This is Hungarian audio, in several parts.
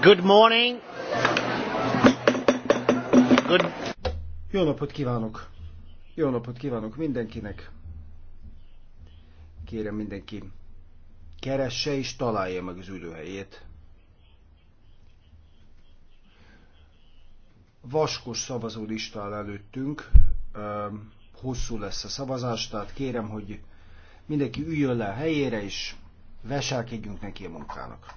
Good, morning. Good. Jó napot kívánok! Jó napot kívánok mindenkinek! Kérem mindenki, keresse és találja meg az ülőhelyét. Vaskos szavazólista áll előttünk, hosszú lesz a szavazás, tehát kérem, hogy mindenki üljön le a helyére, és veselkedjünk neki a munkának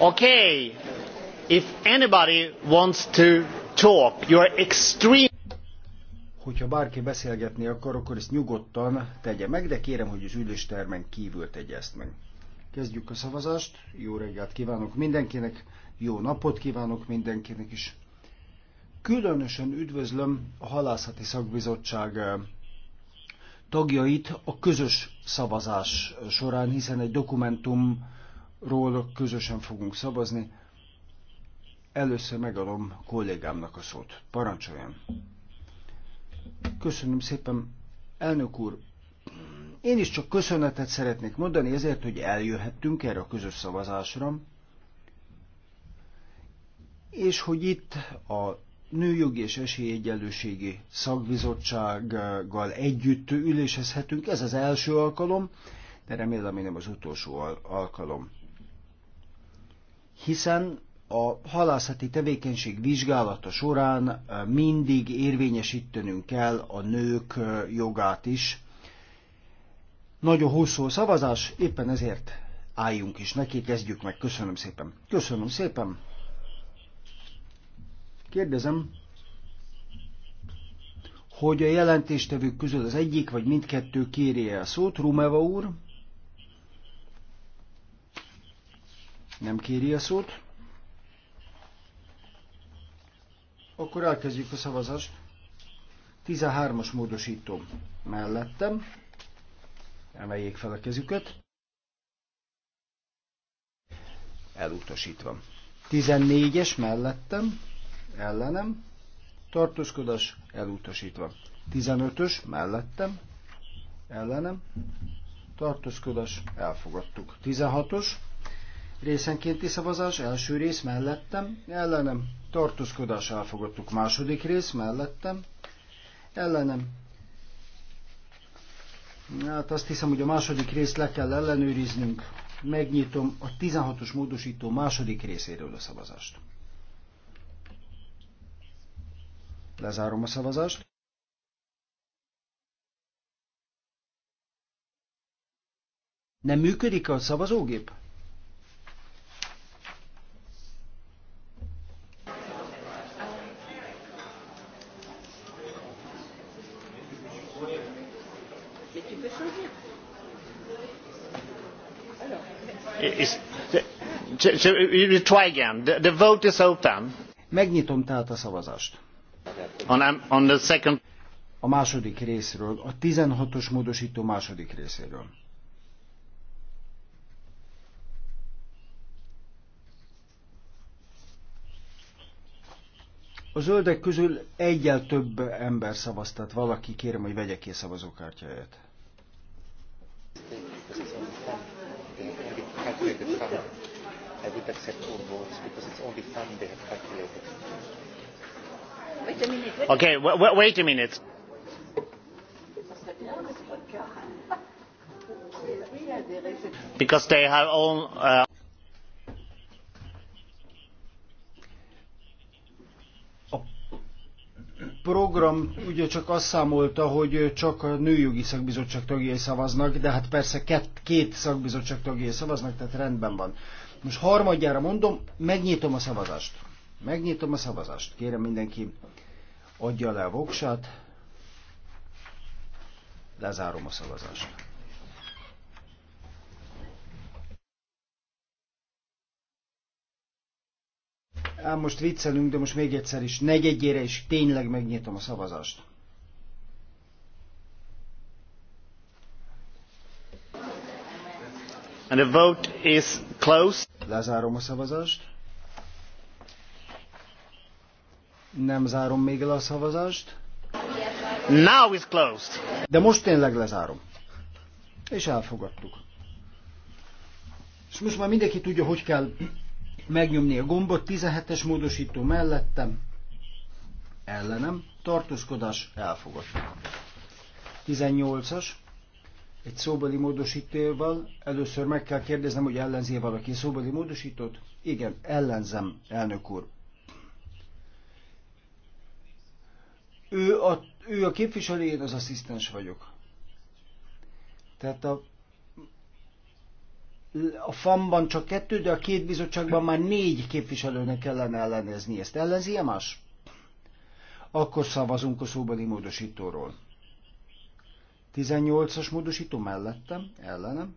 okay if anybody wants to talk you are extremely hogyha bárki beszélgetni akar, akkor ezt nyugodtan tegye meg, de kérem, hogy az üléstermen kívül tegye ezt meg. Kezdjük a szavazást, jó reggelt kívánok mindenkinek, jó napot kívánok mindenkinek is. Különösen üdvözlöm a Halászati Szakbizottság eh, tagjait a közös szavazás során, hiszen egy dokumentumról közösen fogunk szavazni. Először megadom kollégámnak a szót. Parancsoljon! Köszönöm szépen, elnök úr. Én is csak köszönetet szeretnék mondani ezért, hogy eljöhettünk erre a közös szavazásra, és hogy itt a Nőjogi és Esélyegyenlőségi Szakbizottsággal együtt ülésezhetünk. Ez az első alkalom, de remélem, hogy nem az utolsó alkalom. Hiszen a halászati tevékenység vizsgálata során eh, mindig érvényesítenünk kell a nők eh, jogát is. Nagyon hosszú a szavazás, éppen ezért álljunk is neki, kezdjük meg. Köszönöm szépen. Köszönöm szépen. Kérdezem, hogy a jelentéstevők közül az egyik vagy mindkettő kéri a szót. Rumeva úr nem kéri a szót. Akkor elkezdjük a szavazást. 13-as módosító mellettem. Emeljék fel a kezüket. Elutasítva. 14-es mellettem, ellenem, tartózkodás elutasítva. 15-ös mellettem, ellenem, tartózkodás elfogadtuk. 16-os részenkénti szavazás, első rész mellettem, ellenem, tartózkodás elfogadtuk. Második rész mellettem, ellenem. Hát azt hiszem, hogy a második részt le kell ellenőriznünk. Megnyitom a 16-os módosító második részéről a szavazást. Lezárom a szavazást. Nem működik a szavazógép? Mais tu peux choisir. Megnyitom tehát a szavazást. A második részről, a 16-os módosító második részéről. A zöldek közül egyel több ember szavaz, tehát valaki kérem, hogy vegye ki szavazókártyáját. a Okay, wait a minute. Because they have all. Uh... program ugye csak azt számolta, hogy csak a nőjogi szakbizottság tagjai szavaznak, de hát persze két, két szakbizottság tagjai szavaznak, tehát rendben van. Most harmadjára mondom, megnyitom a szavazást. Megnyitom a szavazást. Kérem mindenki adja le a voksát. Lezárom a szavazást. Ám most viccelünk, de most még egyszer is, negyedjére is tényleg megnyitom a szavazást. And the vote is closed. Lezárom a szavazást. Nem zárom még le a szavazást. Now is closed. De most tényleg lezárom. És elfogadtuk. És most már mindenki tudja, hogy kell megnyomni a gombot, 17-es módosító mellettem, ellenem, tartózkodás, elfogadtuk. 18-as, egy szóbeli módosítóval, először meg kell kérdeznem, hogy ellenzi valaki szóbeli módosítót? Igen, ellenzem, elnök úr. Ő a, ő a képviselő, én az asszisztens vagyok. Tehát a a FAM-ban csak kettő, de a két bizottságban már négy képviselőnek kellene ellenezni. Ezt ellenzi -e más? Akkor szavazunk a szóbeli módosítóról. 18-as módosító mellettem, ellenem.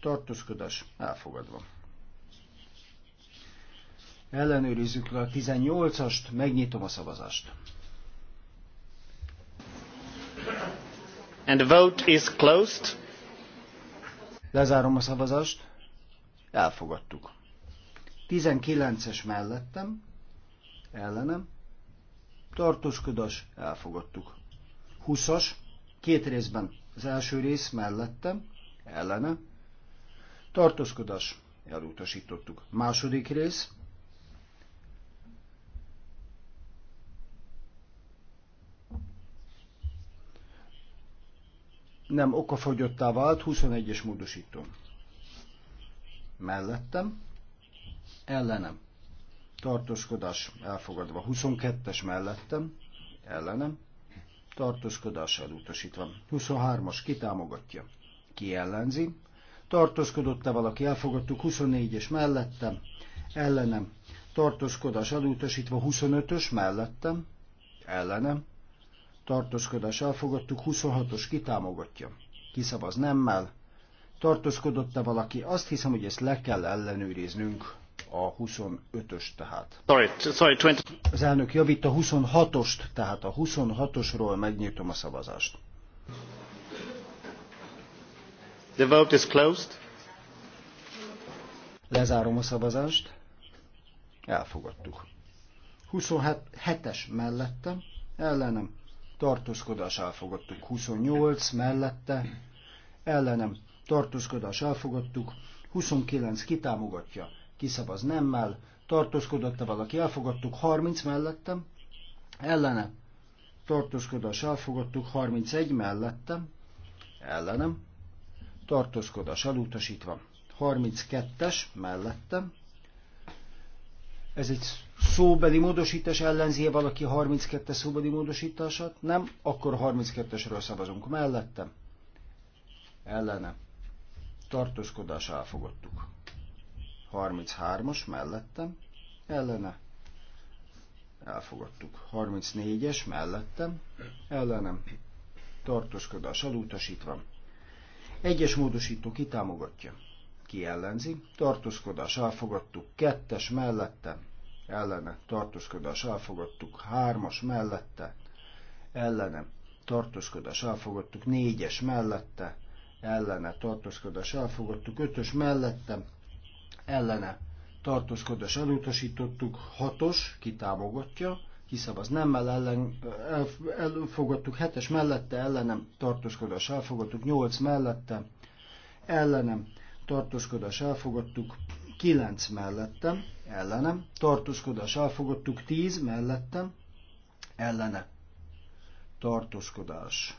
Tartózkodás elfogadva. Ellenőrizzük le a 18-ast, megnyitom a szavazást. And the vote is closed. Lezárom a szavazást. Elfogadtuk. 19-es mellettem, ellenem, tartózkodás, elfogadtuk. 20-as, két részben, az első rész mellettem, ellene, tartózkodás, elutasítottuk. Második rész, nem okafogyottá vált, 21-es módosító. Mellettem, ellenem, tartózkodás elfogadva, 22-es mellettem, ellenem, tartózkodás elutasítva, 23-as kitámogatja, ki ellenzi, tartózkodott-e valaki, elfogadtuk, 24-es mellettem, ellenem, tartózkodás elutasítva, 25-ös mellettem, ellenem, tartózkodás elfogadtuk, 26-os kitámogatja. Kiszavaz nemmel. Tartózkodott-e valaki? Azt hiszem, hogy ezt le kell ellenőriznünk a 25-ös tehát. Sorry, sorry, 20. Az elnök javít a 26-ost, tehát a 26-osról megnyitom a szavazást. The vote is closed. Lezárom a szavazást. Elfogadtuk. 27-es mellette, ellenem tartózkodás elfogadtuk. 28 mellette ellenem tartózkodás elfogadtuk. 29 kitámogatja, kiszavaz nemmel, tartózkodott-e valaki, elfogadtuk 30 mellettem, ellene tartózkodás elfogadtuk 31 mellettem, ellenem tartózkodás elutasítva. 32-es mellettem. Ez egy szóbeli módosítás ellenzi -e valaki 32-es szóbeli módosítását? Nem? Akkor 32-esről szavazunk mellette. Ellene. Tartózkodás elfogadtuk. 33-as mellettem. Ellene. Elfogadtuk. 34-es mellettem. Ellenem. Tartózkodás elutasítva. Egyes módosító kitámogatja. Ki ellenzi? Tartózkodás elfogadtuk. Kettes mellettem ellene tartózkodás elfogadtuk, hármas mellette ellene tartózkodás elfogadtuk, négyes mellette ellene tartózkodás elfogadtuk, ötös mellette ellene tartózkodás elutasítottuk, hatos kitámogatja, kiszavaz nemmel ellen, elfogadtuk, hetes mellette ellenem tartózkodás elfogadtuk, nyolc mellette ellenem tartózkodás elfogadtuk, kilenc mellettem, ellenem, tartózkodás elfogadtuk tíz mellettem, ellene, tartózkodás.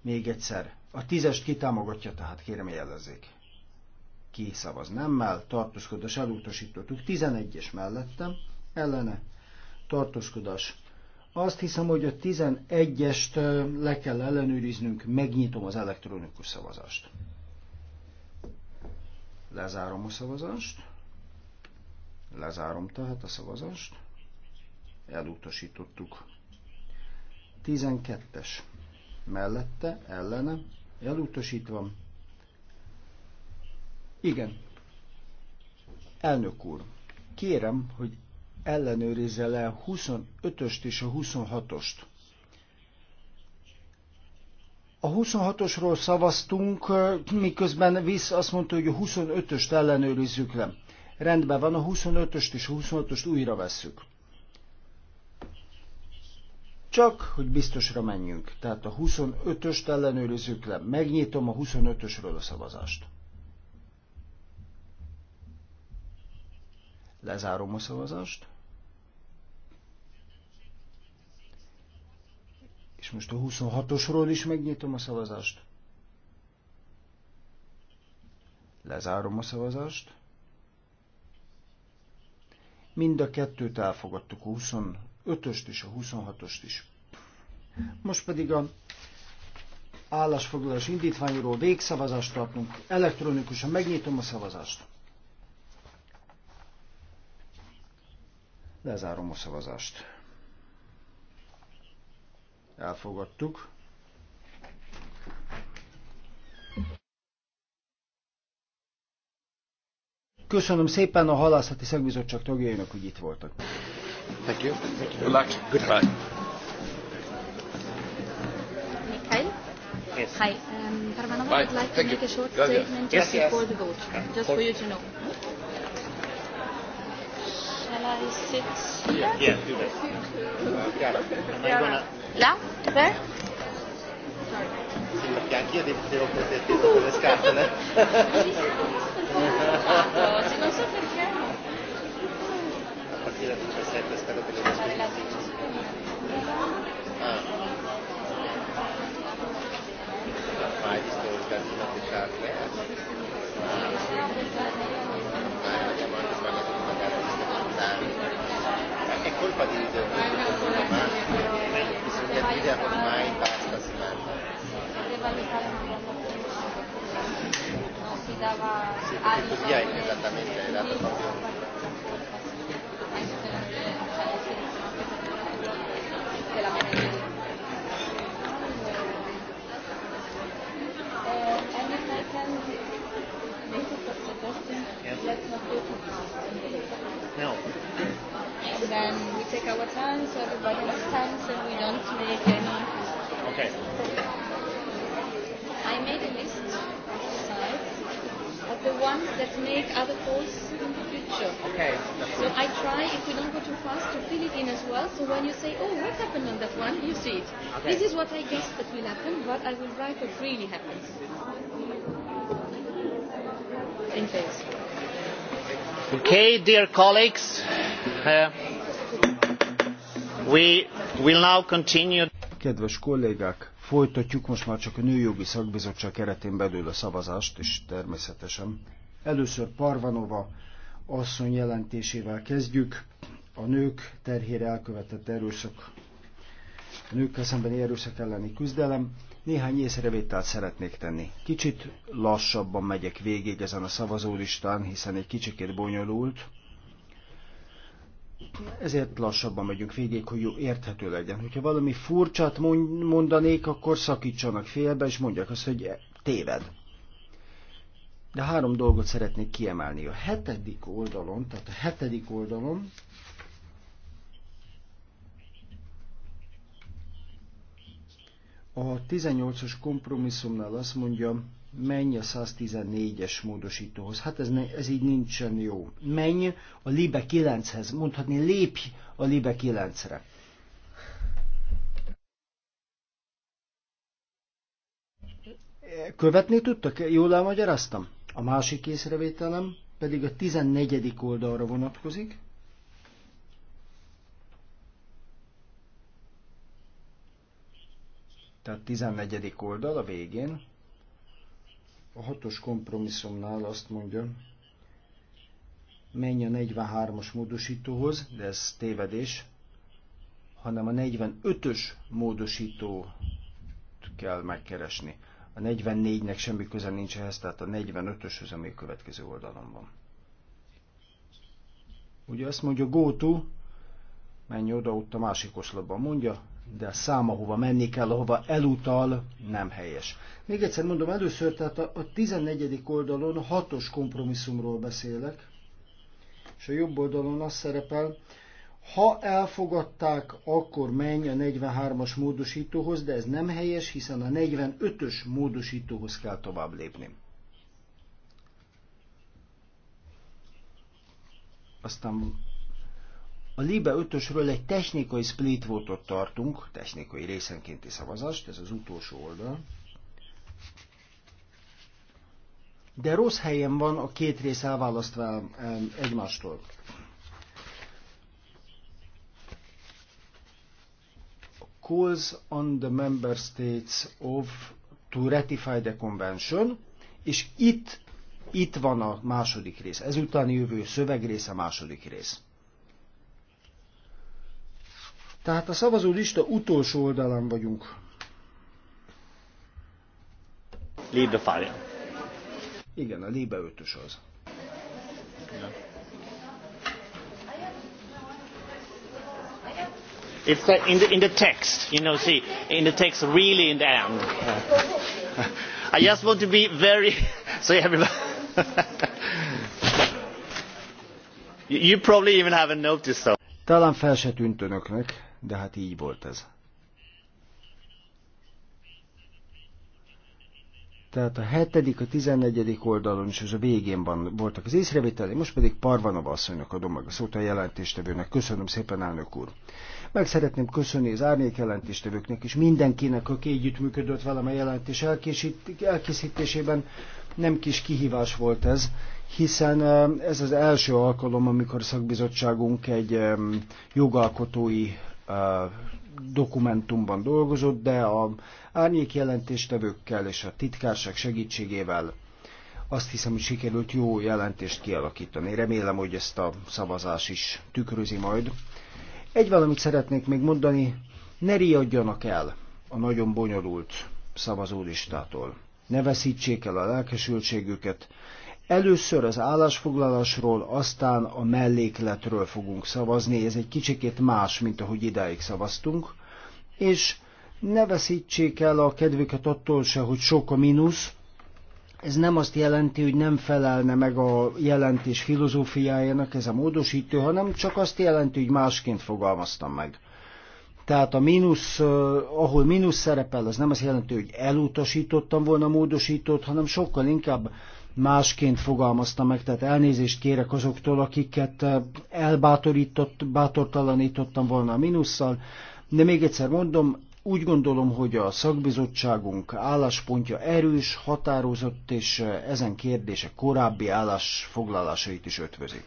Még egyszer, a tízest kitámogatja, tehát kérem jelezzék. Ki szavaz nemmel, tartózkodás elutasítottuk Tizenegyes mellettem, ellene, tartózkodás. Azt hiszem, hogy a 11-est le kell ellenőriznünk, megnyitom az elektronikus szavazást. Lezárom a szavazást. Lezárom tehát a szavazást. Elutasítottuk. 12-es. Mellette, ellene, elutasítva. Igen. Elnök úr, kérem, hogy ellenőrizze le a 25-öst és a 26-ost. A 26-osról szavaztunk, miközben visz azt mondta, hogy a 25-öst ellenőrizzük le. Rendben van, a 25-öst és a 26-ost újra vesszük. Csak, hogy biztosra menjünk. Tehát a 25-öst ellenőrizzük le. Megnyitom a 25-ösről a szavazást. Lezárom a szavazást. És most a 26-osról is megnyitom a szavazást. Lezárom a szavazást. Mind a kettőt elfogadtuk, a 25-öst és a 26-ost is. Most pedig a állásfoglalás indítványról végszavazást tartunk. Elektronikusan megnyitom a szavazást. Lezárom a szavazást elfogadtuk. Köszönöm szépen a halászati szakbizottság tagjainak, hogy itt voltak. Thank you. Thank you. Good luck. Goodbye. Mikhail? Yes. Hi, um, Parvanova would like to make a short statement yes, just yes. before the vote, just for you to know. Can I sit here? Yeah, do that. Yeah. Am gonna... Là? There? Sì, A partire ma è colpa di Lidl bisogna dire ormai basta si mangia sì perché così è esattamente era proprio then we take our time so everybody has time so we don't make any. Okay. I made a list of the of the ones that make other calls in the future. Okay. so good. I try, if we don't go too fast, to fill it in as well. So when you say, oh, what happened on that one, you see it. Okay. This is what I guess that will happen, but I will write what really happens. In case. Okay, dear colleagues. Uh, We will now continue. Kedves kollégák, folytatjuk most már csak a Nőjogi Szakbizottság keretén belül a szavazást, és természetesen. Először Parvanova asszony jelentésével kezdjük. A nők terhére elkövetett erőszak, a nőkkel szemben erőszak elleni küzdelem. Néhány észrevételt szeretnék tenni. Kicsit lassabban megyek végig ezen a szavazólistán, hiszen egy kicsikét bonyolult, ezért lassabban megyünk végig, hogy jó érthető legyen. Hogyha valami furcsát mondanék, akkor szakítsanak félbe, és mondják azt, hogy téved. De három dolgot szeretnék kiemelni. A hetedik oldalon, tehát a hetedik oldalon a 18-os kompromisszumnál azt mondja, menj a 114-es módosítóhoz. Hát ez, ne, ez így nincsen jó. Menj a Libe 9-hez, mondhatni lépj a Libe 9-re. Követni tudtak? Jól elmagyaráztam? A másik észrevételem pedig a 14. oldalra vonatkozik. Tehát 14. oldal a végén a hatos kompromisszumnál azt mondja, menj a 43-as módosítóhoz, de ez tévedés, hanem a 45-ös módosítót kell megkeresni. A 44-nek semmi köze nincs ehhez, tehát a 45-öshöz, ami a következő oldalon van. Ugye azt mondja, go to, menj oda, ott a másik oszlopban mondja, de a száma hova menni kell, ahova elutal, nem helyes. Még egyszer mondom, először, tehát a, a 14. oldalon hatos kompromisszumról beszélek, és a jobb oldalon az szerepel, ha elfogadták, akkor menj a 43-as módosítóhoz, de ez nem helyes, hiszen a 45-ös módosítóhoz kell tovább lépni. Aztán a Libe 5-ösről egy technikai split votot tartunk, technikai részenkénti szavazást, ez az utolsó oldal. De rossz helyen van a két rész elválasztva egymástól. Calls on the member states of to ratify the convention, és itt, itt van a második rész. Ezután jövő szövegrész a második rész. Tehát a szavazó lista utolsó oldalán vagyunk. Lébe fájja. Igen, a lébe ötös az. It's the, in, the, in the text, you know, see, in the text, really in the end. I just want to be very, so everybody. you probably even haven't noticed so. Talán fel se tűnt önöknek de hát így volt ez. Tehát a hetedik, a tizennegyedik oldalon is, és a végén van, voltak az észrevételei, most pedig Parvanov asszonynak adom meg a szót a jelentéstevőnek. Köszönöm szépen, elnök úr! Meg szeretném köszönni az árnyék jelentéstevőknek és mindenkinek, aki együttműködött velem a jelentés elkészítésében. Nem kis kihívás volt ez, hiszen eh, ez az első alkalom, amikor a szakbizottságunk egy eh, jogalkotói dokumentumban dolgozott, de a árnyék jelentéstevőkkel és a titkárság segítségével azt hiszem, hogy sikerült jó jelentést kialakítani. Remélem, hogy ezt a szavazás is tükrözi majd. Egy valamit szeretnék még mondani, ne riadjanak el a nagyon bonyolult szavazólistától. Ne veszítsék el a lelkesültségüket, Először az állásfoglalásról, aztán a mellékletről fogunk szavazni, ez egy kicsikét más, mint ahogy idáig szavaztunk, és ne veszítsék el a kedvüket attól se, hogy sok a mínusz, ez nem azt jelenti, hogy nem felelne meg a jelentés filozófiájának ez a módosítő, hanem csak azt jelenti, hogy másként fogalmaztam meg. Tehát a mínusz, eh, ahol mínusz szerepel, az nem azt jelenti, hogy elutasítottam volna a módosítót, hanem sokkal inkább másként fogalmazta meg, tehát elnézést kérek azoktól, akiket eh, elbátorított, bátortalanítottam volna a minusszal, de még egyszer mondom, úgy gondolom, hogy a szakbizottságunk álláspontja erős, határozott, és eh, ezen kérdése korábbi állásfoglalásait is ötvözi.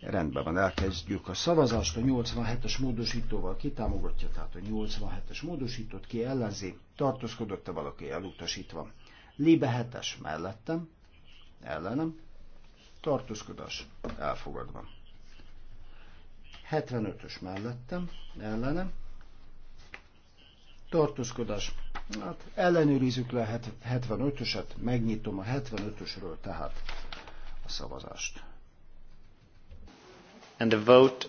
Rendben van, elkezdjük a szavazást. A 87-es módosítóval kitámogatja, tehát a 87-es módosítót ki ellenzi, tartózkodott-e valaki elutasítva. Libe mellettem, ellenem, tartózkodás elfogadva. 75-ös mellettem, ellenem, tartózkodás. Hát ellenőrizzük le 75-öset, megnyitom a 75-ösről tehát a szavazást. And the vote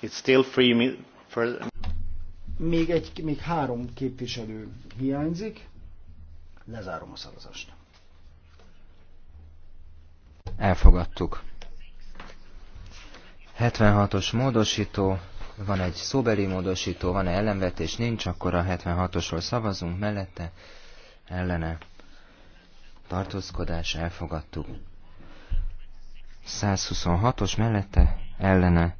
is still free for... Még, egy, még három képviselő hiányzik. Lezárom a szavazást. Elfogadtuk. 76-os módosító, van egy szóbeli módosító, van-e ellenvetés, nincs, akkor a 76-osról szavazunk, mellette, ellene, tartózkodás, elfogadtuk. 126-os mellette, ellene,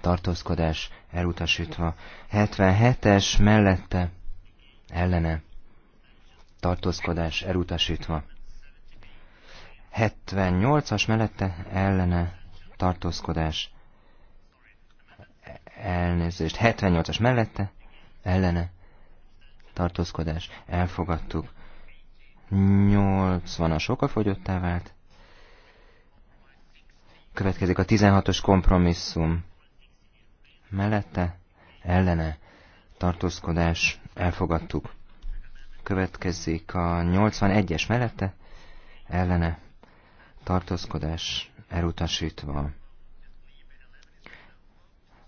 tartózkodás, elutasítva. 77-es mellette, ellene, tartózkodás elutasítva. 78-as mellette ellene tartózkodás elnézést. 78-as mellette ellene tartózkodás elfogadtuk. 80-as okafogyottá vált. Következik a 16-os kompromisszum. Mellette ellene tartózkodás elfogadtuk. Következik a 81-es mellette, ellene tartózkodás elutasítva.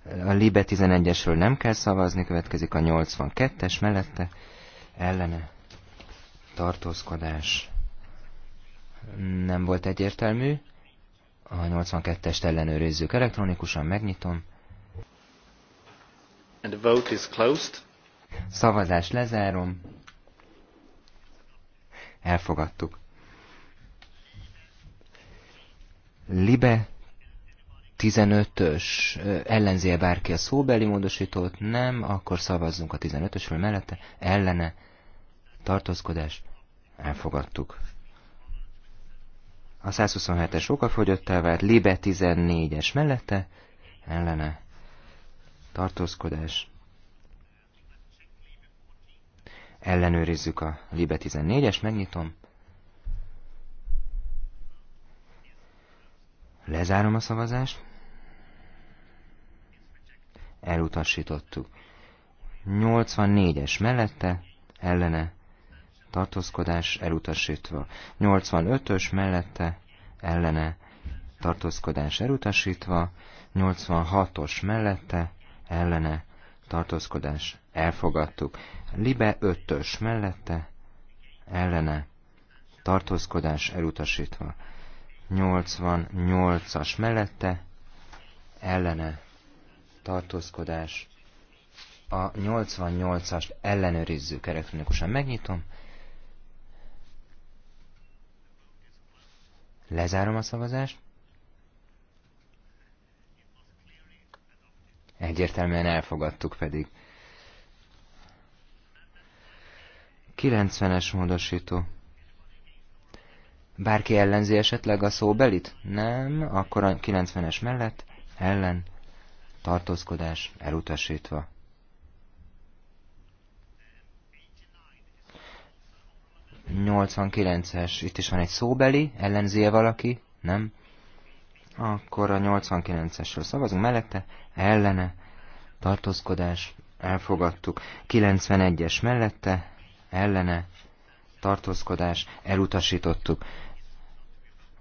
A Libe 11-esről nem kell szavazni, következik a 82-es mellette, ellene tartózkodás nem volt egyértelmű. A 82-est ellenőrizzük elektronikusan, megnyitom. And the vote is closed. Szavazást lezárom elfogadtuk. Libe 15-ös ellenzi bárki a szóbeli módosítót? Nem, akkor szavazzunk a 15-ösről mellette, ellene, tartózkodás, elfogadtuk. A 127-es el, vált, Libe 14-es mellette, ellene, tartózkodás, ellenőrizzük a Libe 14-es, megnyitom. Lezárom a szavazást. Elutasítottuk. 84-es mellette, ellene, tartózkodás elutasítva. 85-ös mellette, ellene, tartózkodás elutasítva. 86-os mellette, ellene, tartózkodás elfogadtuk. Libe ötös mellette, ellene, tartózkodás elutasítva. 88-as mellette, ellene, tartózkodás. A 88-ast ellenőrizzük elektronikusan. Megnyitom. Lezárom a szavazást. Egyértelműen elfogadtuk pedig. 90-es módosító. Bárki ellenzi esetleg a szóbelit? Nem, akkor a 90-es mellett ellen tartózkodás elutasítva. Nyolcvankilences, itt is van egy szóbeli, ellenzi -e valaki? Nem? Akkor a 89-esről szavazunk mellette, ellene, tartózkodás, elfogadtuk. 91-es mellette, ellene, tartózkodás, elutasítottuk.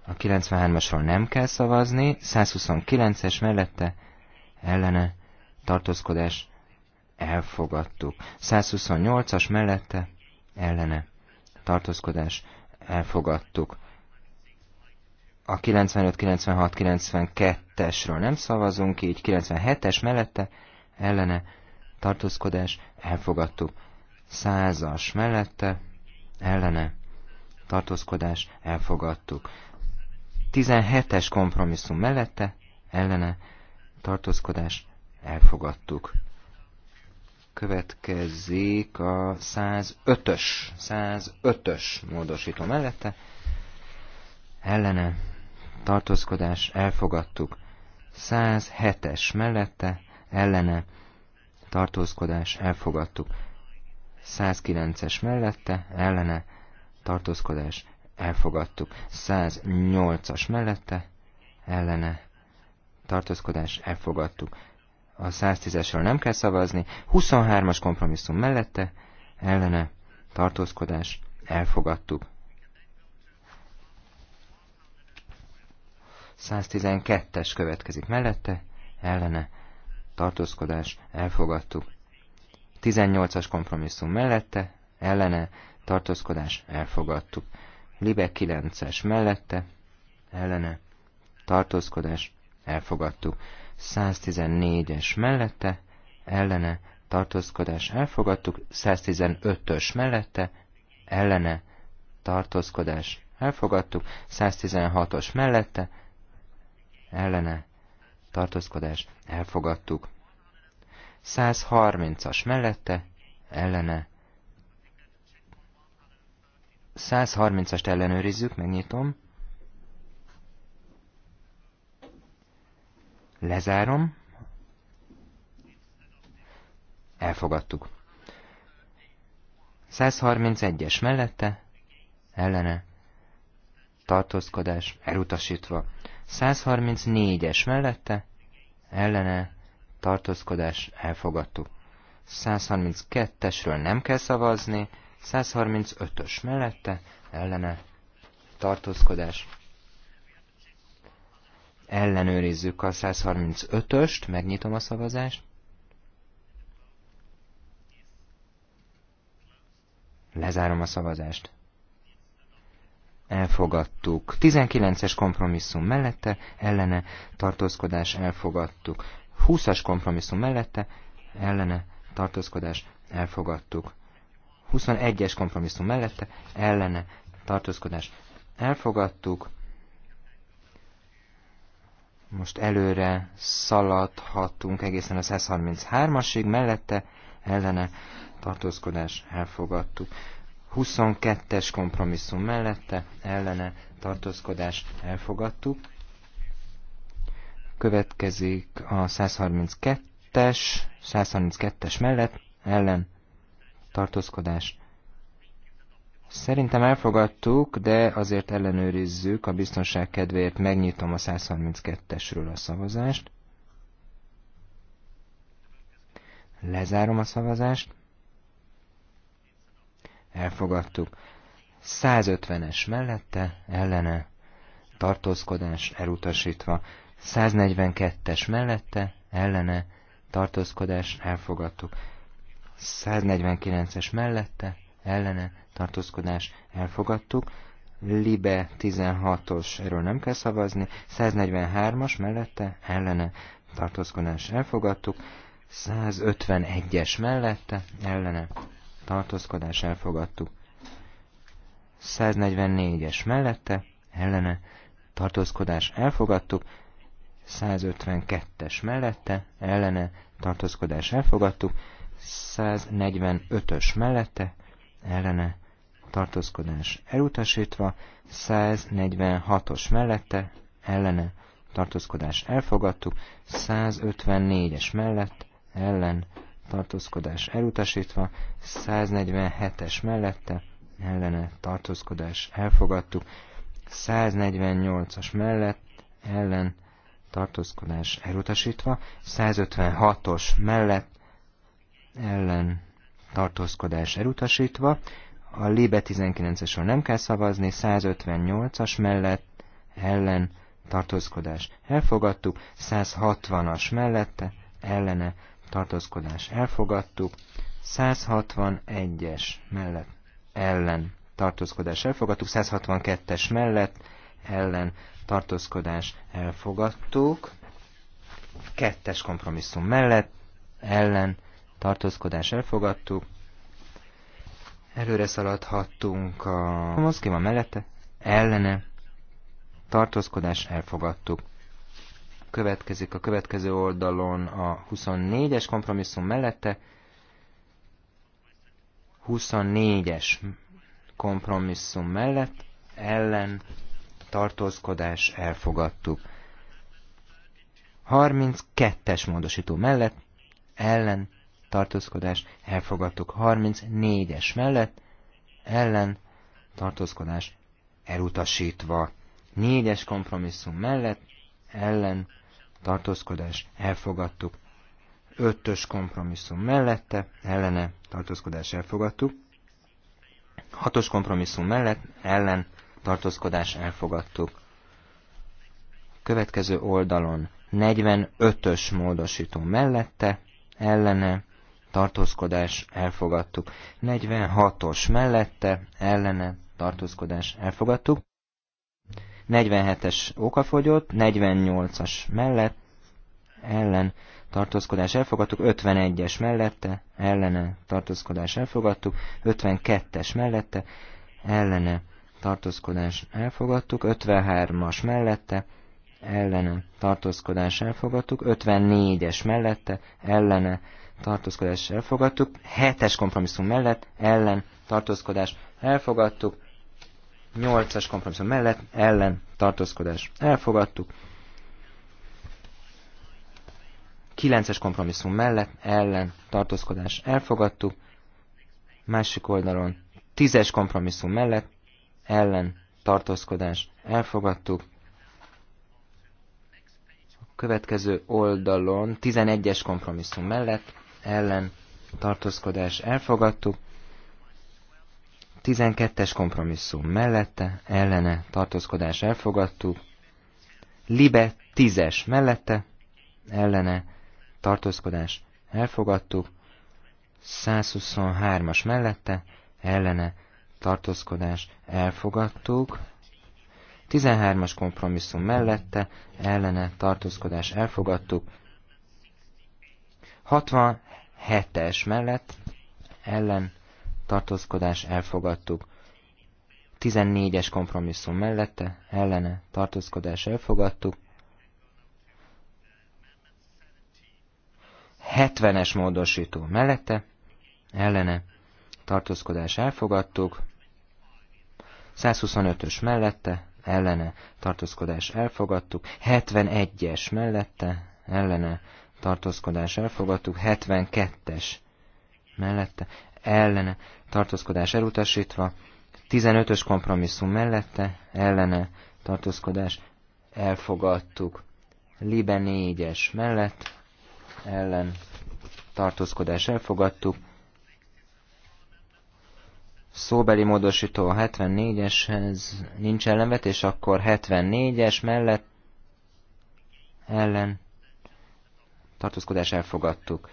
A 93-asról nem kell szavazni, 129-es mellette, ellene, tartózkodás, elfogadtuk. 128-as mellette, ellene, tartózkodás, elfogadtuk. A 95, 96, 92-esről nem szavazunk, így 97-es mellette, ellene, tartózkodás, elfogadtuk százas mellette, ellene, tartózkodás, elfogadtuk. 17-es kompromisszum mellette, ellene, tartózkodás, elfogadtuk. Következik a 105-ös, 105-ös módosító mellette, ellene, tartózkodás, elfogadtuk. 107-es mellette, ellene, tartózkodás, elfogadtuk. 109-es mellette, ellene, tartózkodás, elfogadtuk. 108-as mellette, ellene, tartózkodás, elfogadtuk. A 110-esről nem kell szavazni, 23-as kompromisszum mellette, ellene, tartózkodás, elfogadtuk. 112-es következik mellette, ellene, tartózkodás, elfogadtuk. 18-as kompromisszum mellette, ellene, tartózkodás, elfogadtuk. Libe 9-es mellette, ellene, tartózkodás, elfogadtuk. 114-es mellette, ellene, tartózkodás, elfogadtuk. 115-ös mellette, ellene, tartózkodás, elfogadtuk. 116-os mellette, ellene, tartózkodás, elfogadtuk. 130-as mellette, ellene. 130-ast ellenőrizzük, megnyitom. Lezárom. Elfogadtuk. 131-es mellette, ellene, tartózkodás, elutasítva. 134-es mellette, ellene, tartózkodás, elfogadtuk. 132-esről nem kell szavazni, 135-ös mellette, ellene, tartózkodás. Ellenőrizzük a 135-öst, megnyitom a szavazást. Lezárom a szavazást. Elfogadtuk. 19-es kompromisszum mellette, ellene, tartózkodás elfogadtuk. 20-as kompromisszum mellette ellene tartózkodás elfogadtuk. 21-es kompromisszum mellette ellene tartózkodás elfogadtuk. Most előre szaladhatunk egészen a 133-asig, mellette ellene tartózkodás elfogadtuk. 22-es kompromisszum mellette ellene tartózkodás elfogadtuk. Következik a 132-es, 132-es mellett ellen tartózkodás. Szerintem elfogadtuk, de azért ellenőrizzük, a biztonság kedvéért megnyitom a 132-esről a szavazást. Lezárom a szavazást. Elfogadtuk. 150-es mellette, ellene, tartózkodás elutasítva. 142-es mellette, ellene, tartózkodás, elfogadtuk. 149-es mellette, ellene, tartózkodás, elfogadtuk. Libe 16-os, erről nem kell szavazni. 143-as mellette, ellene, tartózkodás, elfogadtuk. 151-es mellette, ellene, tartózkodás, elfogadtuk. 144-es mellette, ellene, tartózkodás, elfogadtuk. 152-es mellette, ellene tartózkodás elfogadtuk, 145-ös mellette, ellene tartózkodás elutasítva, 146-os mellette, ellene tartózkodás elfogadtuk, 154-es mellett, ellen tartózkodás elutasítva, 147-es mellette, ellene tartózkodás elfogadtuk, 148-as mellett, ellen tartózkodás elutasítva, 156-os mellett ellen tartózkodás elutasítva, a Libe 19-esről nem kell szavazni, 158-as mellett ellen tartózkodás elfogadtuk, 160-as mellette ellene tartózkodás elfogadtuk, 161-es mellett ellen tartózkodás elfogadtuk, 162-es mellett ellen tartózkodás elfogadtuk. Kettes kompromisszum mellett, ellen, tartózkodás elfogadtuk. Előre szaladhattunk a moszkéma mellette, ellene, tartózkodás elfogadtuk. Következik a következő oldalon a 24-es kompromisszum mellette, 24-es kompromisszum mellett, ellen tartózkodás elfogadtuk. 32-es módosító mellett ellen tartózkodás elfogadtuk. 34-es mellett ellen tartózkodás elutasítva. 4-es kompromisszum mellett ellen tartózkodás elfogadtuk. 5-ös kompromisszum mellette ellene tartózkodás elfogadtuk. 6-os kompromisszum mellett ellen tartózkodás elfogadtuk. Következő oldalon 45-ös módosító mellette, ellene, tartózkodás elfogadtuk. 46-os mellette, ellene, tartózkodás elfogadtuk. 47-es okafogyott, 48-as mellett, ellen, tartózkodás elfogadtuk, 51-es mellette, ellene, tartózkodás elfogadtuk, 52-es mellette, ellene, tartózkodás elfogadtuk, 53-as mellette, ellene tartózkodás elfogadtuk, 54-es mellette, ellene tartózkodás elfogadtuk, 7-es kompromisszum mellett, ellen tartózkodás elfogadtuk, 8-as kompromisszum mellett, ellen tartózkodás elfogadtuk, 9-es kompromisszum mellett, ellen tartózkodás elfogadtuk, másik oldalon 10-es kompromisszum mellett, ellen tartózkodás elfogadtuk. A következő oldalon 11-es kompromisszum mellett ellen tartózkodás elfogadtuk. 12-es kompromisszum mellette, ellene tartózkodás elfogadtuk. Libe 10-es mellette, ellene tartózkodás elfogadtuk. 123-as mellette, ellene tartózkodás elfogadtuk. 13-as kompromisszum mellette, ellene tartózkodás elfogadtuk. 67-es mellett, ellen tartózkodás elfogadtuk. 14-es kompromisszum mellette, ellene tartózkodás elfogadtuk. 70-es módosító mellette, ellene tartózkodás elfogadtuk. 125-ös mellette, ellene tartózkodás elfogadtuk, 71-es mellette, ellene tartózkodás elfogadtuk, 72-es mellette, ellene tartózkodás elutasítva, 15-ös kompromisszum mellette, ellene tartózkodás elfogadtuk, Libe 4-es mellett, ellen tartózkodás elfogadtuk, Szóbeli módosító a 74-eshez nincs ellenvetés, akkor 74-es mellett ellen tartózkodás elfogadtuk.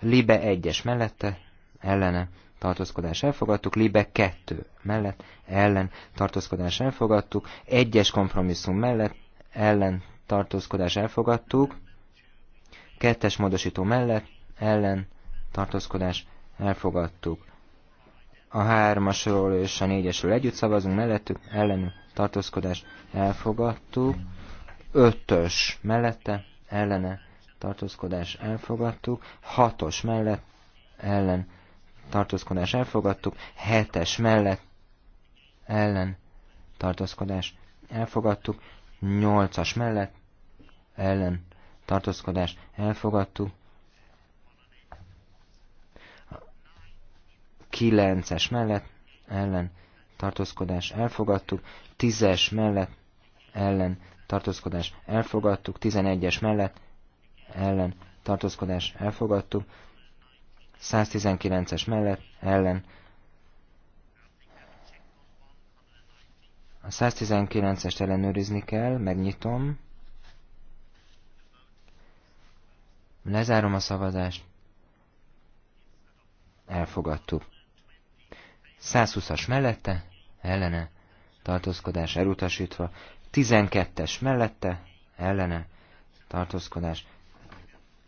Libe 1-es mellette ellene tartózkodás elfogadtuk, Libe 2 mellett ellen tartózkodás elfogadtuk, egyes kompromisszum mellett ellen tartózkodás elfogadtuk, 2-es módosító mellett ellen tartózkodás elfogadtuk. A hármasról és a négyesről együtt szavazunk, mellettük, ellenük, tartózkodást elfogadtuk. Ötös mellette, ellene, tartózkodást elfogadtuk. Hatos mellett, ellen, tartózkodást elfogadtuk. Hetes mellett, ellen, tartózkodást elfogadtuk. Nyolcas mellett, ellen, tartózkodást elfogadtuk. 9-es mellett ellen tartózkodás elfogadtuk, 10-es mellett ellen tartózkodás elfogadtuk, 11-es mellett ellen tartózkodás elfogadtuk, 119-es mellett ellen A 119-est ellenőrizni kell, megnyitom. Lezárom a szavazást. Elfogadtuk. 120-as mellette, ellene, tartózkodás elutasítva, 12-es mellette, ellene, tartózkodás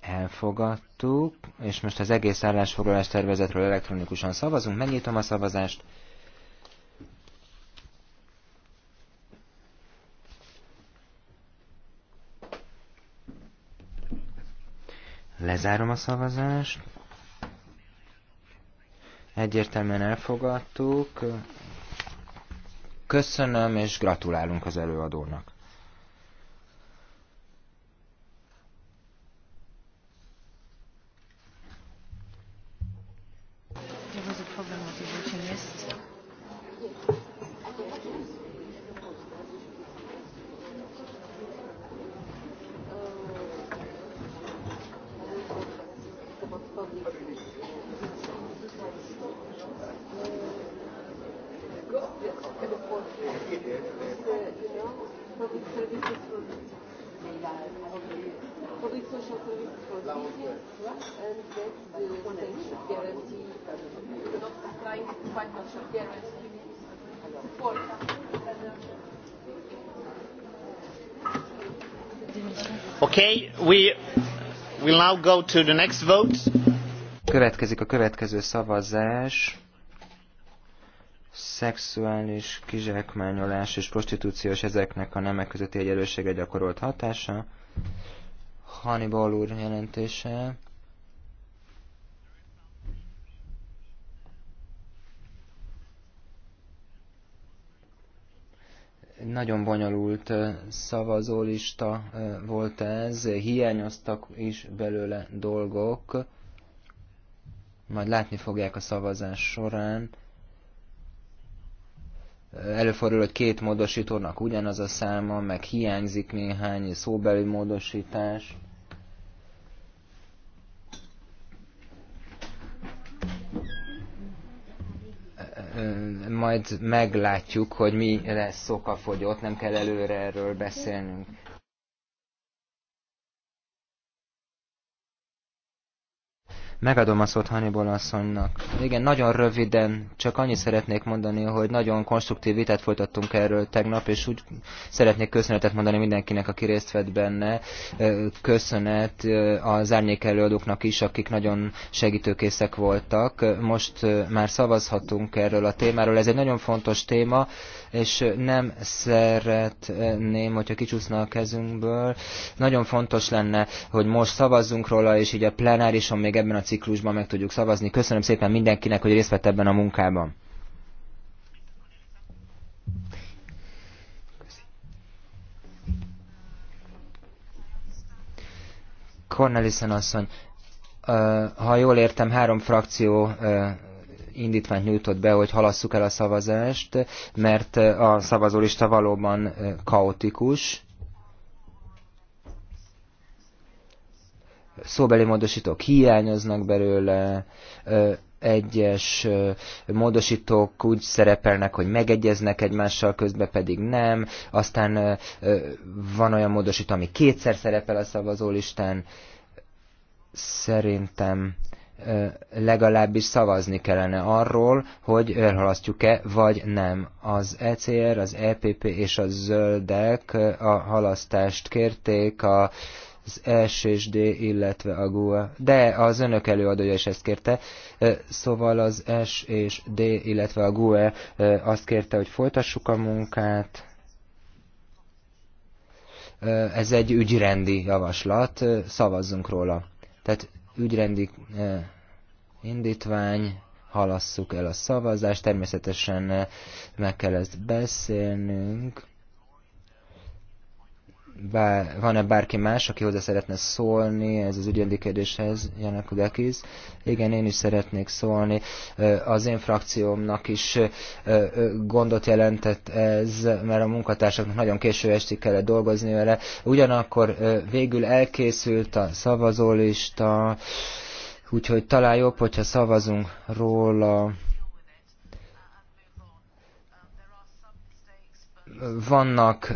elfogadtuk, és most az egész állásfoglalás tervezetről elektronikusan szavazunk. Megnyitom a szavazást. Lezárom a szavazást. Egyértelműen elfogadtuk. Köszönöm, és gratulálunk az előadónak. go to the next vote. Következik a következő szavazás. Szexuális kizsákmányolás és prostitúció és ezeknek a nemek közötti egyenlőségre gyakorolt hatása. Hannibal úr jelentése. Nagyon bonyolult szavazólista volt ez, hiányoztak is belőle dolgok, majd látni fogják a szavazás során. Előfordul, hogy két módosítónak ugyanaz a száma, meg hiányzik néhány szóbeli módosítás. majd meglátjuk, hogy mi lesz okafogyott, nem kell előre erről beszélnünk. Megadom a szót Hannibal asszonynak. Igen, nagyon röviden, csak annyit szeretnék mondani, hogy nagyon konstruktív vitát folytattunk erről tegnap, és úgy szeretnék köszönetet mondani mindenkinek, aki részt vett benne. Köszönet az árnyék előadóknak is, akik nagyon segítőkészek voltak. Most már szavazhatunk erről a témáról. Ez egy nagyon fontos téma, és nem szeretném, hogyha kicsúszna a kezünkből. Nagyon fontos lenne, hogy most szavazzunk róla, és így a plenárison még ebben a ciklusban meg tudjuk szavazni. Köszönöm szépen mindenkinek, hogy részt vett ebben a munkában. Cornelissen asszony, ha jól értem, három frakció indítványt nyújtott be, hogy halasszuk el a szavazást, mert a szavazólista valóban kaotikus. Szóbeli módosítók hiányoznak belőle, egyes módosítók úgy szerepelnek, hogy megegyeznek egymással, közben pedig nem, aztán van olyan módosító, ami kétszer szerepel a szavazólistán, szerintem legalábbis szavazni kellene arról, hogy elhalasztjuk-e, vagy nem. Az ECR, az EPP és a zöldek a halasztást kérték, a az SSD, illetve a GUA, e. de az önök előadója is ezt kérte, szóval az S és D, illetve a GUE azt kérte, hogy folytassuk a munkát. Ez egy ügyrendi javaslat, szavazzunk róla. Tehát ügyrendi e, indítvány, halasszuk el a szavazást, természetesen e, meg kell ezt beszélnünk, van-e bárki más, aki hozzá szeretne szólni ez az ügyendi kérdéshez, Janakudakis? Igen, én is szeretnék szólni. Az én frakciómnak is gondot jelentett ez, mert a munkatársaknak nagyon késő estig kellett dolgozni vele. Ugyanakkor végül elkészült a szavazólista, úgyhogy talán jobb, hogyha szavazunk róla. vannak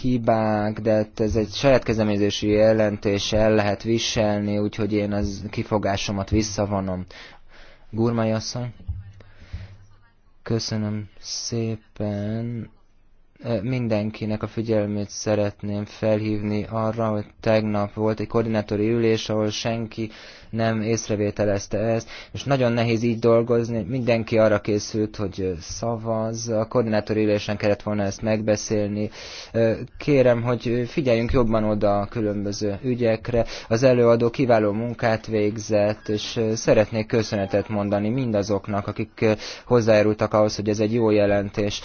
hibák, de hát ez egy saját kezdeményezési jelentés, el lehet viselni, úgyhogy én az kifogásomat visszavonom. Gurmai asszony? Köszönöm szépen. Mindenkinek a figyelmét szeretném felhívni arra, hogy tegnap volt egy koordinátori ülés, ahol senki nem észrevételezte ezt, és nagyon nehéz így dolgozni, mindenki arra készült, hogy szavaz, a koordinátor ülésen kellett volna ezt megbeszélni. Kérem, hogy figyeljünk jobban oda a különböző ügyekre, az előadó kiváló munkát végzett, és szeretnék köszönetet mondani mindazoknak, akik hozzájárultak ahhoz, hogy ez egy jó jelentés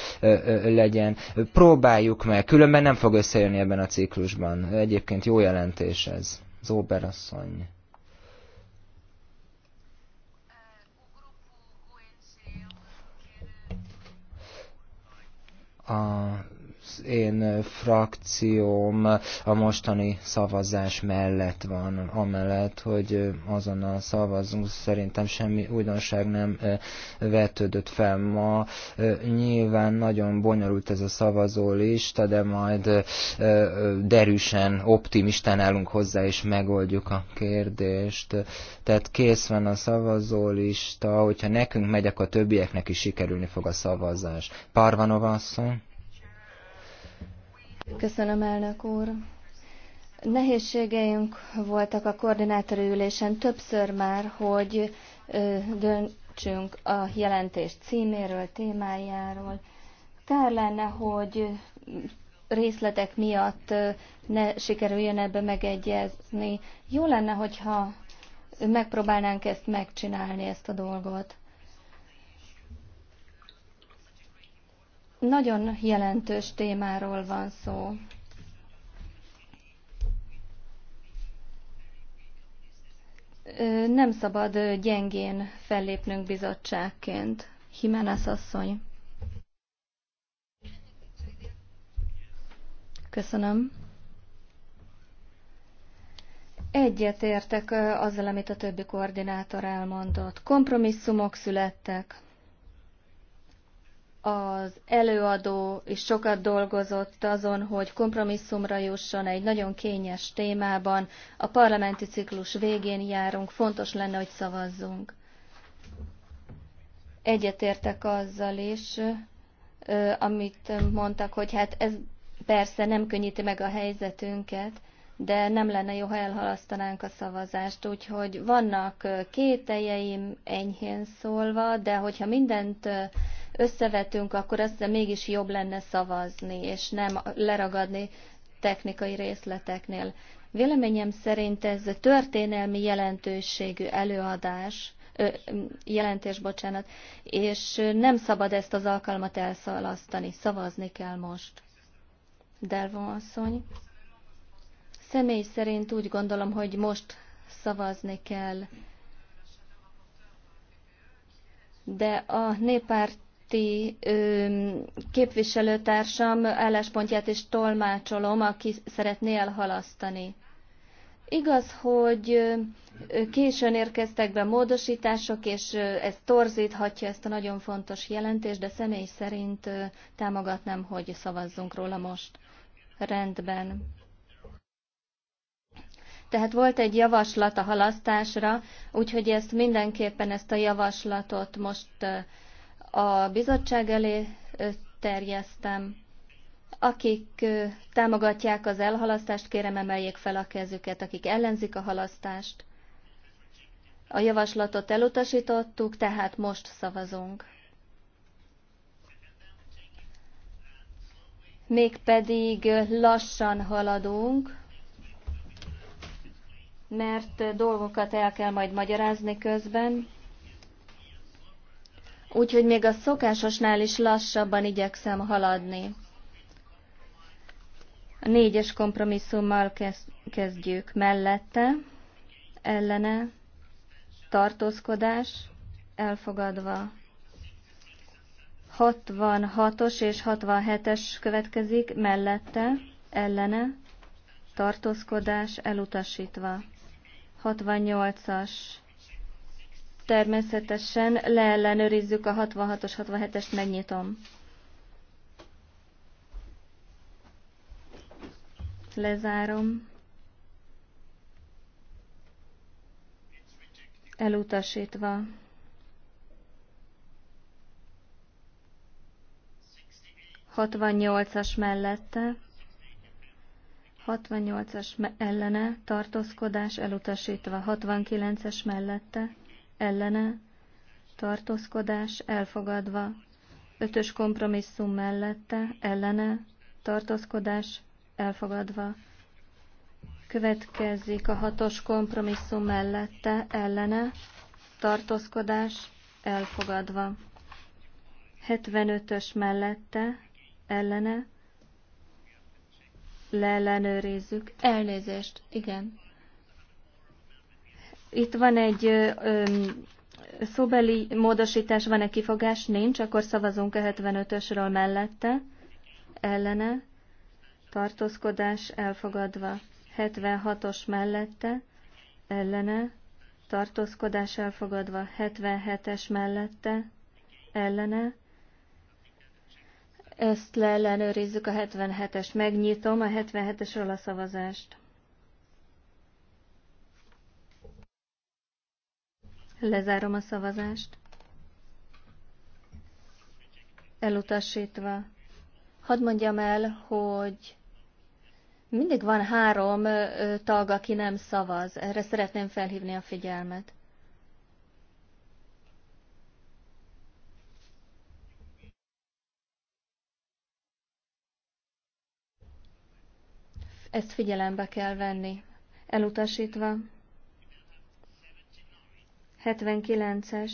legyen. Próbáljuk meg, különben nem fog összejönni ebben a ciklusban. Egyébként jó jelentés ez. Zóberasszony. a én frakcióm a mostani szavazás mellett van, amellett, hogy azonnal szavazunk, szerintem semmi újdonság nem vetődött fel ma. Nyilván nagyon bonyolult ez a szavazó lista, de majd derűsen, optimisten állunk hozzá, és megoldjuk a kérdést. Tehát kész van a szavazó lista, hogyha nekünk megy, akkor a többieknek is sikerülni fog a szavazás. Parvanova asszony? Köszönöm, elnök úr. Nehézségeink voltak a koordinátori ülésen többször már, hogy döntsünk a jelentés címéről, témájáról. Kár lenne, hogy részletek miatt ne sikerüljön ebbe megegyezni. Jó lenne, hogyha megpróbálnánk ezt megcsinálni, ezt a dolgot. Nagyon jelentős témáról van szó. Nem szabad gyengén fellépnünk bizottságként. Jimenez asszony. Köszönöm. Egyetértek azzal, amit a többi koordinátor elmondott. Kompromisszumok születtek az előadó is sokat dolgozott azon, hogy kompromisszumra jusson egy nagyon kényes témában. A parlamenti ciklus végén járunk, fontos lenne, hogy szavazzunk. Egyetértek azzal is, amit mondtak, hogy hát ez persze nem könnyíti meg a helyzetünket, de nem lenne jó, ha elhalasztanánk a szavazást. Úgyhogy vannak kételjeim enyhén szólva, de hogyha mindent összevetünk, akkor azt mégis jobb lenne szavazni, és nem leragadni technikai részleteknél. Véleményem szerint ez történelmi jelentőségű előadás, jelentés, bocsánat, és nem szabad ezt az alkalmat elszalasztani. Szavazni kell most. Delvon asszony. Személy szerint úgy gondolom, hogy most szavazni kell. De a néppárt néppárti képviselőtársam álláspontját is tolmácsolom, aki szeretné elhalasztani. Igaz, hogy későn érkeztek be módosítások, és ez torzíthatja ezt a nagyon fontos jelentést, de személy szerint támogatnám, hogy szavazzunk róla most. Rendben. Tehát volt egy javaslat a halasztásra, úgyhogy ezt mindenképpen ezt a javaslatot most a bizottság elé terjesztem. Akik támogatják az elhalasztást, kérem emeljék fel a kezüket, akik ellenzik a halasztást. A javaslatot elutasítottuk, tehát most szavazunk. Mégpedig lassan haladunk, mert dolgokat el kell majd magyarázni közben úgyhogy még a szokásosnál is lassabban igyekszem haladni. A négyes kompromisszummal kezdjük mellette, ellene, tartózkodás, elfogadva. 66-os és 67-es következik, mellette, ellene, tartózkodás, elutasítva. 68-as természetesen leellenőrizzük a 66-os, 67-est, megnyitom. Lezárom. Elutasítva. 68-as mellette, 68-as ellene, tartózkodás elutasítva, 69-es mellette, ellene, tartózkodás elfogadva, ötös kompromisszum mellette, ellene, tartózkodás elfogadva. Következik a hatos kompromisszum mellette, ellene, tartózkodás elfogadva. 75-ös mellette, ellene, leellenőrizzük. Elnézést, igen. Itt van egy szóbeli módosítás, van-e kifogás? Nincs, akkor szavazunk a 75-ösről mellette. Ellene. Tartózkodás elfogadva. 76-os mellette. Ellene. Tartózkodás elfogadva. 77-es mellette. Ellene. Ezt leellenőrizzük a 77-es. Megnyitom a 77-esről a szavazást. Lezárom a szavazást. Elutasítva. Hadd mondjam el, hogy mindig van három tag, aki nem szavaz. Erre szeretném felhívni a figyelmet. Ezt figyelembe kell venni. Elutasítva. 79-es.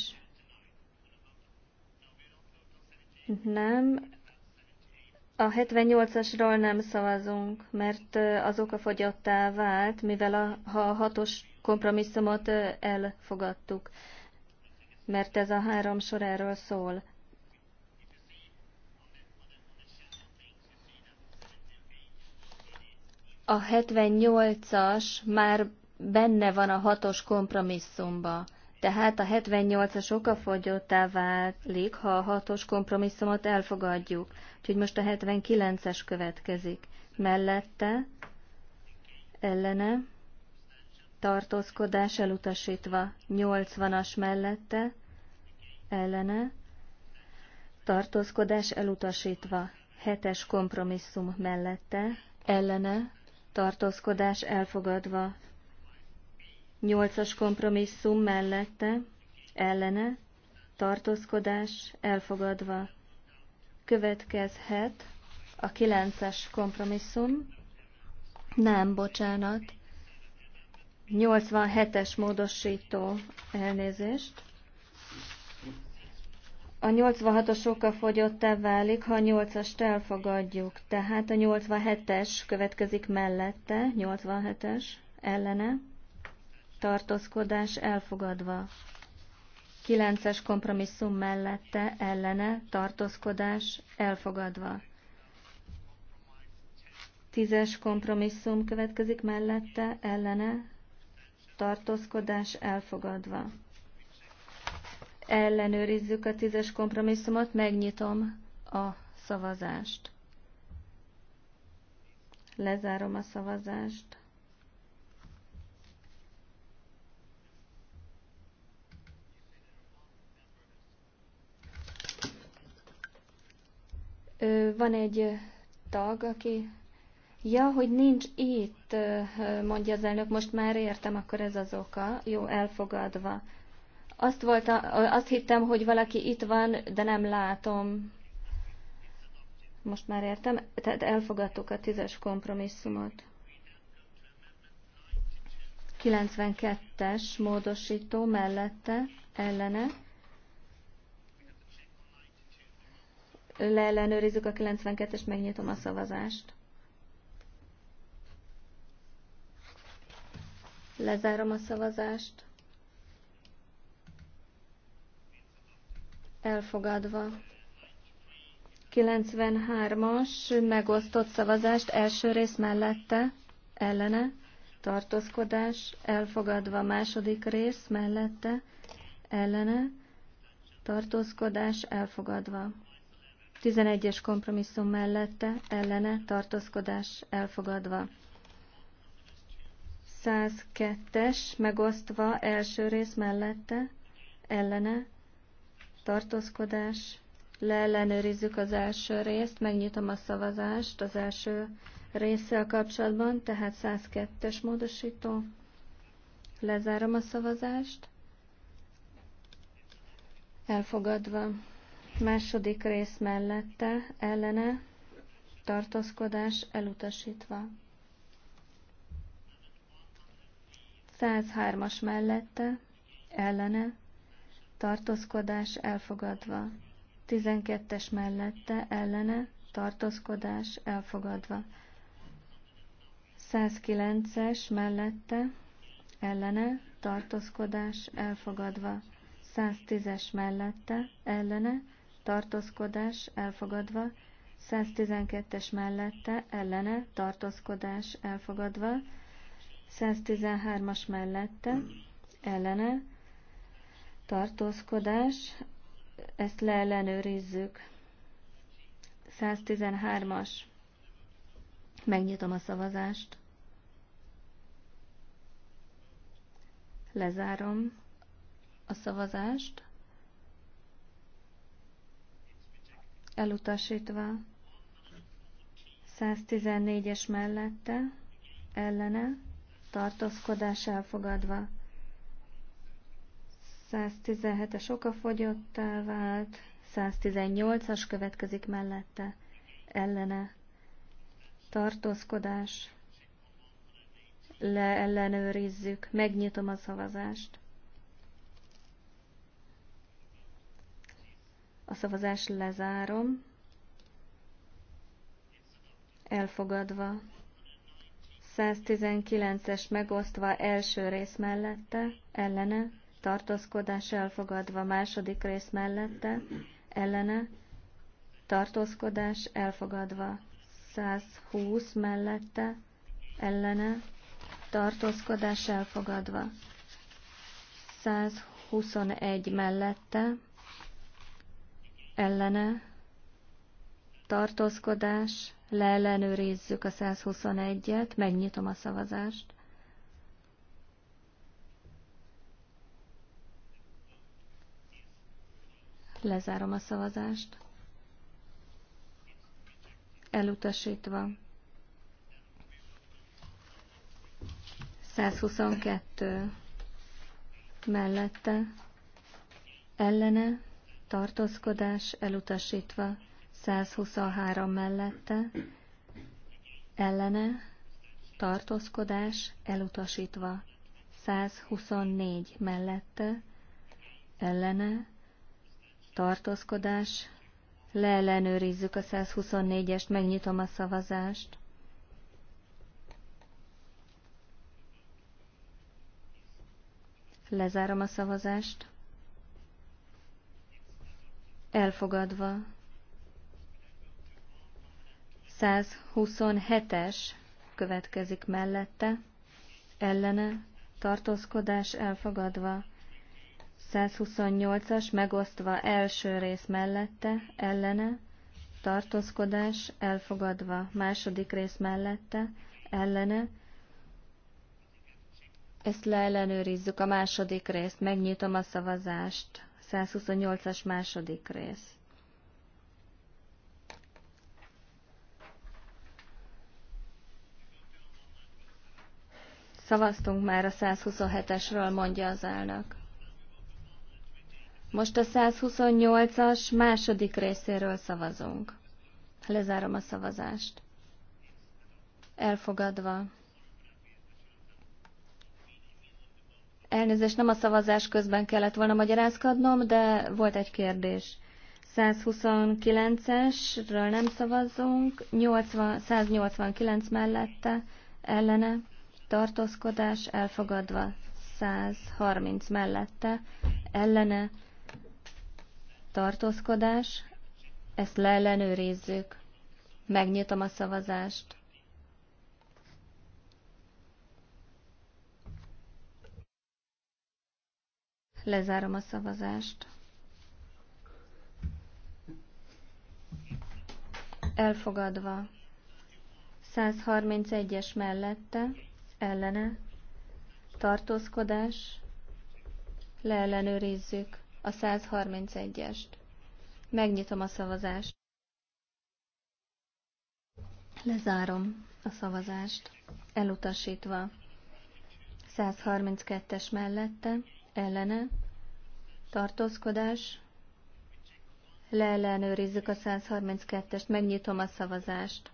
Nem. A 78-asról nem szavazunk, mert az fogyattá vált, mivel a, ha a hatos kompromisszumot elfogadtuk, mert ez a három sor erről szól. A 78-as már benne van a hatos kompromisszumba tehát a 78-as okafogyottá válik, ha a 6-os kompromisszumot elfogadjuk. Úgyhogy most a 79-es következik. Mellette, ellene, tartózkodás elutasítva. 80-as mellette, ellene, tartózkodás elutasítva. 7-es kompromisszum mellette, ellene, tartózkodás elfogadva. Nyolcas kompromisszum mellette, ellene, tartózkodás elfogadva. Következhet a kilences kompromisszum. Nem, bocsánat. 87-es módosító elnézést. A 86-os fogyott -e válik, ha a 8-ast elfogadjuk. Tehát a 87-es következik mellette, 87-es ellene tartózkodás elfogadva. 9-es kompromisszum mellette ellene tartózkodás elfogadva. 10-es kompromisszum következik mellette ellene tartózkodás elfogadva. Ellenőrizzük a 10-es kompromisszumot, megnyitom a szavazást. Lezárom a szavazást. Van egy tag, aki... Ja, hogy nincs itt, mondja az elnök, most már értem, akkor ez az oka. Jó, elfogadva. Azt, volt a, azt hittem, hogy valaki itt van, de nem látom. Most már értem. Tehát elfogadtuk a tízes kompromisszumot. 92-es módosító mellette, ellene leellenőrizzük a 92-es, megnyitom a szavazást. Lezárom a szavazást. Elfogadva. 93-as megosztott szavazást első rész mellette, ellene, tartózkodás, elfogadva második rész mellette, ellene, tartózkodás, elfogadva. 11-es kompromisszum mellette ellene tartózkodás elfogadva. 102-es megosztva első rész mellette ellene tartózkodás. Leellenőrizzük az első részt, megnyitom a szavazást az első résszel kapcsolatban, tehát 102-es módosító. Lezárom a szavazást. Elfogadva. Második rész mellette, ellene, tartózkodás elutasítva. 103-as mellette, ellene, tartózkodás elfogadva. 12-es mellette, ellene, tartózkodás elfogadva. 109-es mellette, ellene, tartózkodás elfogadva. 110-es mellette, ellene, tartózkodás elfogadva, 112-es mellette ellene tartózkodás elfogadva, 113-as mellette ellene tartózkodás, ezt leellenőrizzük. 113-as. Megnyitom a szavazást. Lezárom a szavazást. elutasítva 114-es mellette, ellene, tartózkodás elfogadva. 117-es okafogyottá vált, 118-as következik mellette, ellene, tartózkodás, leellenőrizzük, megnyitom a szavazást. A szavazás lezárom. Elfogadva. 119-es megosztva első rész mellette, ellene, tartózkodás elfogadva második rész mellette, ellene, tartózkodás elfogadva 120 mellette, ellene, tartózkodás elfogadva 121 mellette, ellene tartózkodás, leellenőrizzük a 121-et, megnyitom a szavazást. Lezárom a szavazást. Elutasítva. 122 mellette, ellene, tartózkodás elutasítva, 123 mellette, ellene, tartózkodás elutasítva, 124 mellette, ellene, tartózkodás, leellenőrizzük a 124-est, megnyitom a szavazást. Lezárom a szavazást elfogadva. 127-es következik mellette, ellene, tartózkodás elfogadva. 128-as megosztva első rész mellette, ellene, tartózkodás elfogadva. Második rész mellette, ellene. Ezt leellenőrizzük a második részt, megnyitom a szavazást. 128-as második rész. Szavaztunk már a 127-esről, mondja az állnak. Most a 128-as második részéről szavazunk. Lezárom a szavazást. Elfogadva. Elnézést, nem a szavazás közben kellett volna magyarázkodnom, de volt egy kérdés. 129-esről nem szavazzunk, 80, 189 mellette, ellene, tartózkodás elfogadva, 130 mellette, ellene, tartózkodás, ezt leellenőrizzük. Megnyitom a szavazást. Lezárom a szavazást. Elfogadva. 131-es mellette, ellene, tartózkodás, leellenőrizzük a 131-est. Megnyitom a szavazást. Lezárom a szavazást, elutasítva. 132-es mellette, ellene, tartózkodás, leellenőrizzük a 132-est, megnyitom a szavazást.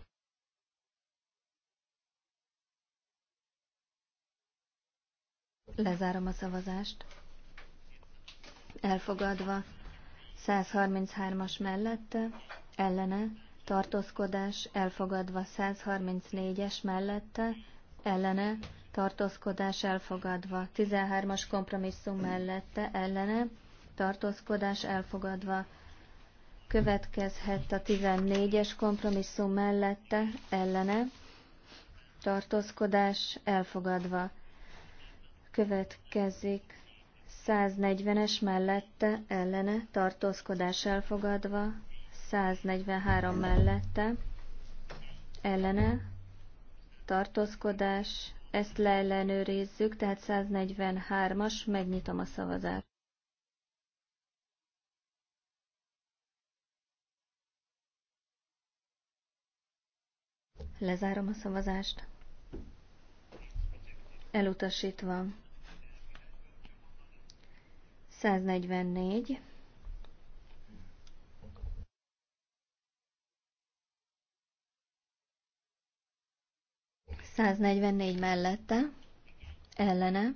Lezárom a szavazást. Elfogadva. 133-as mellette, ellene, tartózkodás, elfogadva 134-es mellette, ellene, tartózkodás elfogadva. 13-as kompromisszum mellette ellene tartózkodás elfogadva. Következhet a 14-es kompromisszum mellette ellene tartózkodás elfogadva. Következik 140-es mellette ellene tartózkodás elfogadva, 143 mellette ellene tartózkodás ezt leellenőrizzük, tehát 143-as, megnyitom a szavazást. Lezárom a szavazást. Elutasítva. 144. 144 mellette, ellene,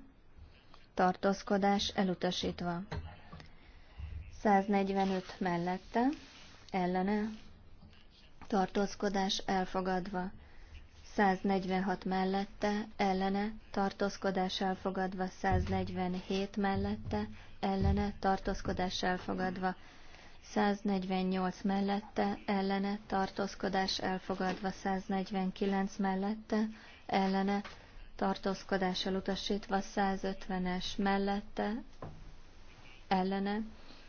tartózkodás elutasítva. 145 mellette, ellene, tartózkodás elfogadva. 146 mellette, ellene, tartózkodás elfogadva, 147 mellette, ellene, tartózkodás elfogadva, 148 mellette, ellene, tartózkodás elfogadva, 149 mellette, ellene, tartózkodás elutasítva, 150-es mellette, ellene,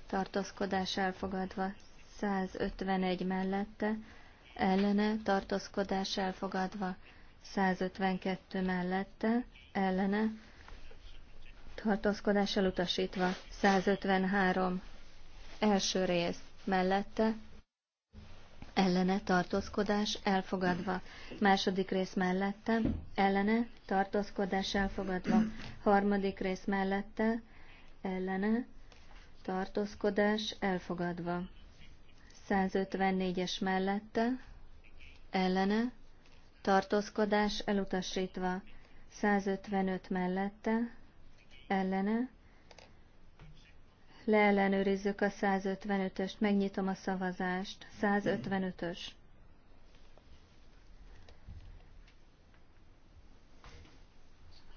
tartózkodás elfogadva, 151 mellette, ellene, tartózkodás elfogadva, 152 mellette, ellene, tartózkodás elutasítva, 153 Első rész mellette ellene tartózkodás elfogadva. Második rész mellette ellene tartózkodás elfogadva. Harmadik rész mellette ellene tartózkodás elfogadva. 154-es mellette ellene tartózkodás elutasítva. 155 mellette ellene leellenőrizzük a 155-öst, megnyitom a szavazást, 155-ös.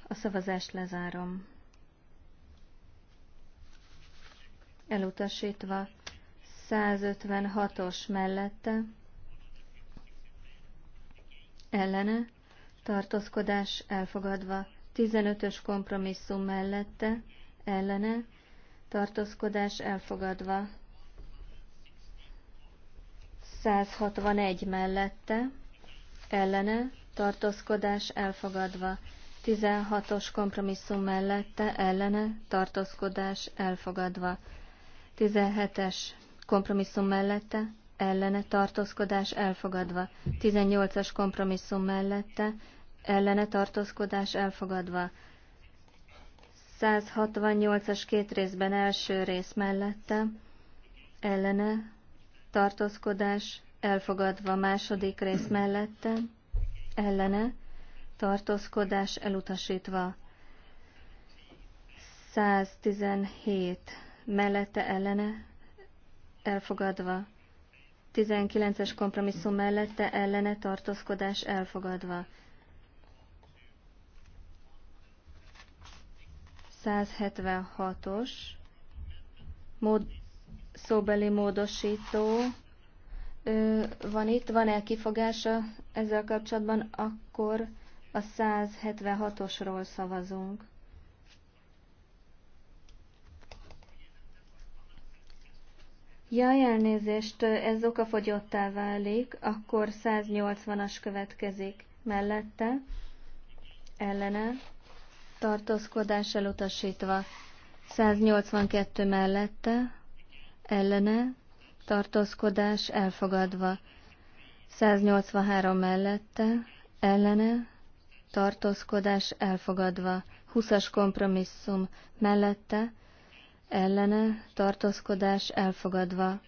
A szavazást lezárom. Elutasítva 156-os mellette ellene, tartózkodás elfogadva 15-ös kompromisszum mellette ellene, tartózkodás elfogadva. 161 mellette, ellene, tartózkodás elfogadva. 16-os kompromisszum mellette, ellene, tartózkodás elfogadva. 17-es kompromisszum mellette, ellene, tartózkodás elfogadva. 18-as kompromisszum mellette, ellene, tartózkodás elfogadva. 168-as két részben első rész mellette, ellene, tartózkodás, elfogadva második rész mellette, ellene, tartózkodás elutasítva. 117 mellette ellene, elfogadva. 19-es kompromisszum mellette ellene tartózkodás elfogadva. 176-os mód, szóbeli módosító ö, van itt, van-e kifogása ezzel kapcsolatban, akkor a 176-osról szavazunk. Ja, elnézést, ez okafogyottá válik, akkor 180-as következik mellette, ellene, tartózkodás elutasítva, 182 mellette, ellene, tartózkodás elfogadva, 183 mellette, ellene, tartózkodás elfogadva, 20-as kompromisszum mellette, ellene, tartózkodás elfogadva,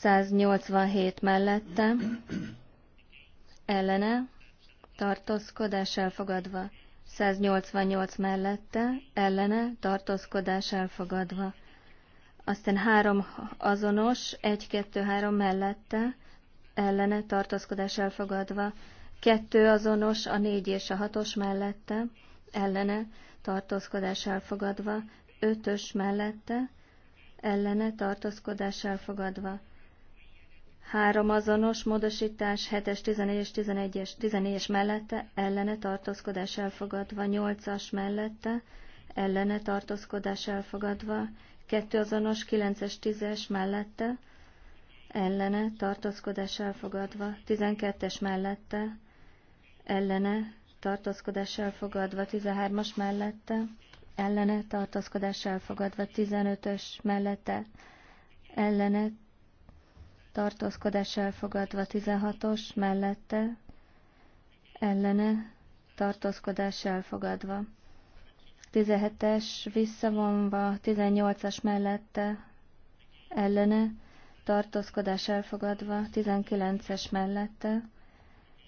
187 mellette, ellene, tartózkodás elfogadva. 188 mellette, ellene, tartózkodás elfogadva. Aztán három azonos, 1, 2, 3 mellette, ellene, tartózkodás elfogadva. Kettő azonos, a négy és a hatos mellette, ellene, tartózkodás elfogadva. Ötös mellette, ellene, tartózkodás elfogadva. Három azonos módosítás 7-es, 14 es 11-es, 14-es mellette, ellene tartózkodás elfogadva, 8-as mellette, ellene tartózkodás elfogadva, 2 azonos 9-es, 10-es mellette, ellene tartózkodás elfogadva, 12-es mellette, ellene tartózkodás elfogadva, 13-as mellette, ellene tartózkodás elfogadva, 15-ös mellette, ellene tartózkodás elfogadva 16-os mellette, ellene tartózkodás elfogadva. 17-es visszavonva 18-as mellette, ellene tartózkodás elfogadva 19-es mellette,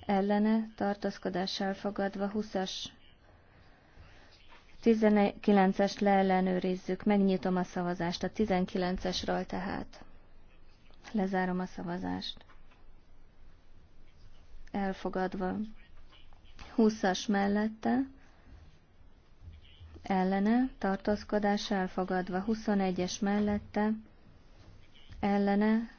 ellene tartózkodás elfogadva 20-as 19-est leellenőrizzük, megnyitom a szavazást a 19-esről tehát. Lezárom a szavazást. Elfogadva. 20-as mellette. Ellene. Tartózkodás elfogadva. 21-es mellette. Ellene.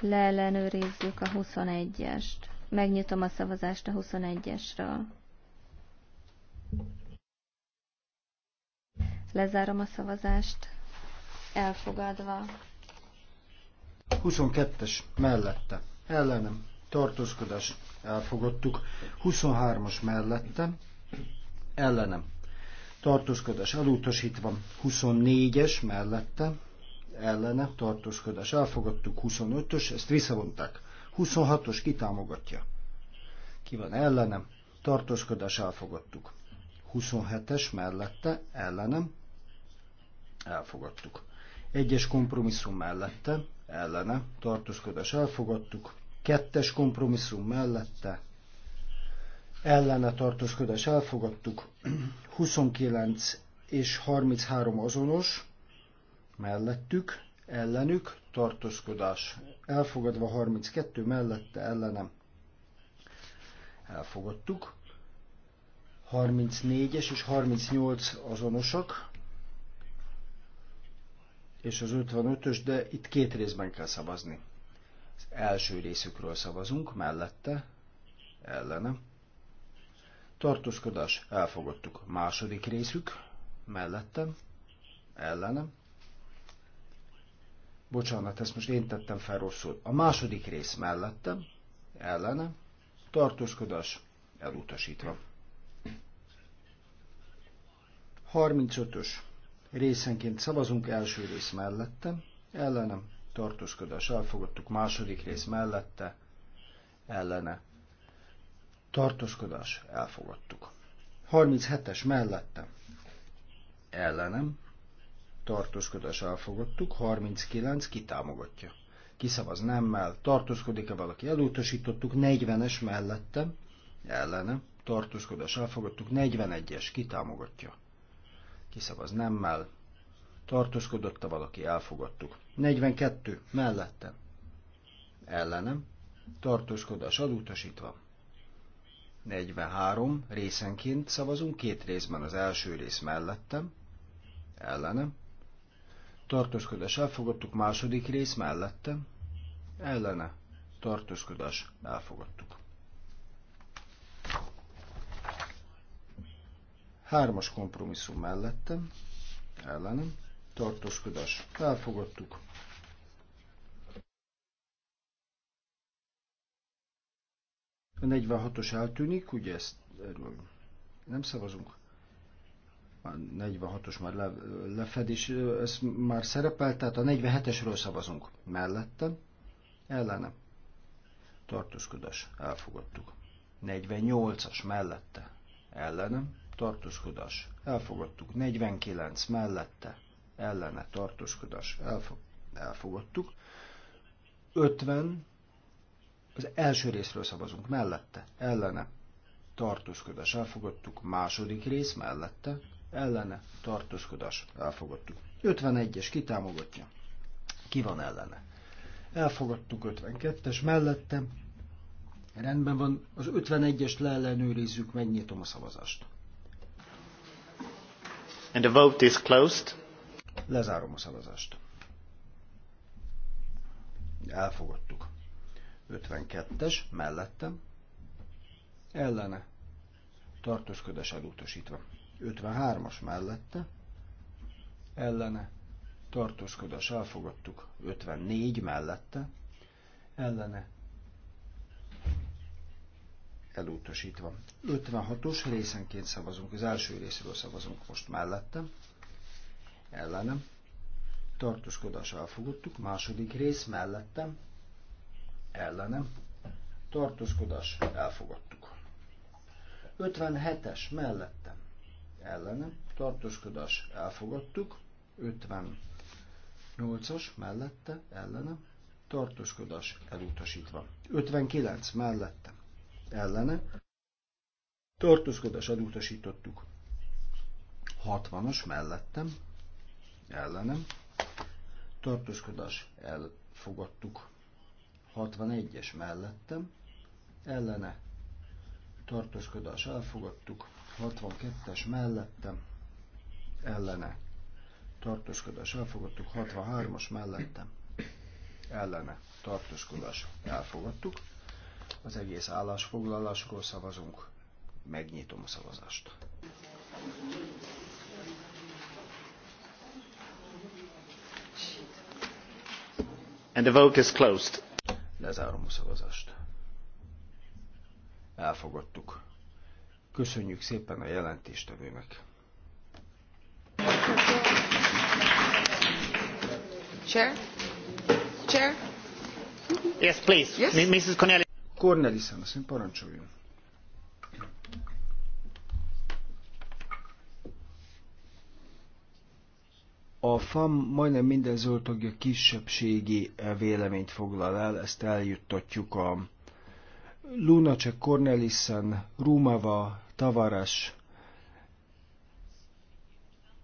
Leellenőrizzük a 21-est. Megnyitom a szavazást a 21-esről. Lezárom a szavazást. Elfogadva. 22-es mellette, ellenem, tartózkodás, elfogadtuk. 23-as mellette, ellenem, tartózkodás, elutasítva. 24-es mellette, ellene, tartózkodás, elfogadtuk. 25-ös, ezt visszavonták. 26-os kitámogatja. Ki van ellenem, tartózkodás, elfogadtuk. 27-es mellette, ellenem, elfogadtuk. Egyes kompromisszum mellette, ellene tartózkodás elfogadtuk, kettes kompromisszum mellette ellene tartózkodás elfogadtuk, 29 és 33 azonos, mellettük, ellenük, tartózkodás elfogadva 32, mellette, ellenem, elfogadtuk, 34-es és 38 azonosak, és az 55-ös, de itt két részben kell szavazni. Az első részükről szavazunk, mellette, ellene. Tartózkodás, elfogadtuk. Második részük, mellette, ellene. Bocsánat, ezt most én tettem fel rosszul. A második rész mellette, ellene. Tartózkodás, elutasítva. 35-ös Részenként szavazunk első rész mellette, ellenem tartózkodás elfogadtuk, második rész mellette, ellene tartózkodás elfogadtuk. 37-es mellette, ellenem tartózkodás elfogadtuk, 39 kitámogatja. Kiszavaz nemmel, tartózkodik-e valaki, elutasítottuk, 40-es mellette, ellene tartózkodás elfogadtuk, 41-es kitámogatja kiszavaz nemmel, tartózkodott -e valaki, elfogadtuk. 42 mellette, ellenem, tartózkodás adutasítva. 43 részenként szavazunk, két részben az első rész mellettem, ellenem, tartózkodás elfogadtuk, második rész mellettem, ellene, tartózkodás elfogadtuk. Hármas kompromisszum mellettem, ellenem, tartózkodás, elfogadtuk. A 46-os eltűnik, ugye ezt erről nem szavazunk. A 46-os már le, lefedés, ez már szerepel, tehát a 47-esről szavazunk. Mellettem, ellenem, tartózkodás, elfogadtuk. 48-as mellette, ellenem, tartózkodás, elfogadtuk. 49 mellette, ellene, tartózkodás, elfogadtuk. 50 az első részről szavazunk, mellette, ellene, tartózkodás, elfogadtuk. Második rész mellette, ellene, tartózkodás, elfogadtuk. 51-es kitámogatja. Ki van ellene? Elfogadtuk 52-es mellette. Rendben van, az 51-est leellenőrizzük, megnyitom a szavazást. And the vote is closed. Lezárom a szavazást. Elfogadtuk. 52-es, mellettem. Ellene. Tartózkodás elutasítva. 53-as mellette. Ellene. Tartózkodás elfogadtuk. 54 mellette. Ellene elutasítva. 56-os részenként szavazunk, az első részről szavazunk most mellette, ellenem, tartózkodás elfogadtuk, második rész mellettem, ellenem, tartózkodás elfogadtuk. 57-es mellettem, ellenem, tartózkodás elfogadtuk, 58-as mellette, ellenem, tartózkodás elutasítva. 59 mellette, ellene. Tartózkodás elutasítottuk. 60-as mellettem, ellenem. Tartózkodás elfogadtuk. 61-es mellettem, ellene. Tartózkodás elfogadtuk. 62-es mellettem, ellene. Tartózkodás elfogadtuk. 63-as mellettem, ellene. Tartózkodás elfogadtuk az egész állásfoglalásról szavazunk. Megnyitom a szavazást. And the vote is closed. Lezárom a szavazást. Elfogadtuk. Köszönjük szépen a jelentéstevőnek. Chair? Chair? Yes, please. Yes? Mrs. Cornelia. Cornelissen, azt mondja, parancsoljon. A FAM majdnem minden zöld kisebbségi véleményt foglal el, ezt eljuttatjuk a Lunacek, Cornelissen, Rumava, Tavares,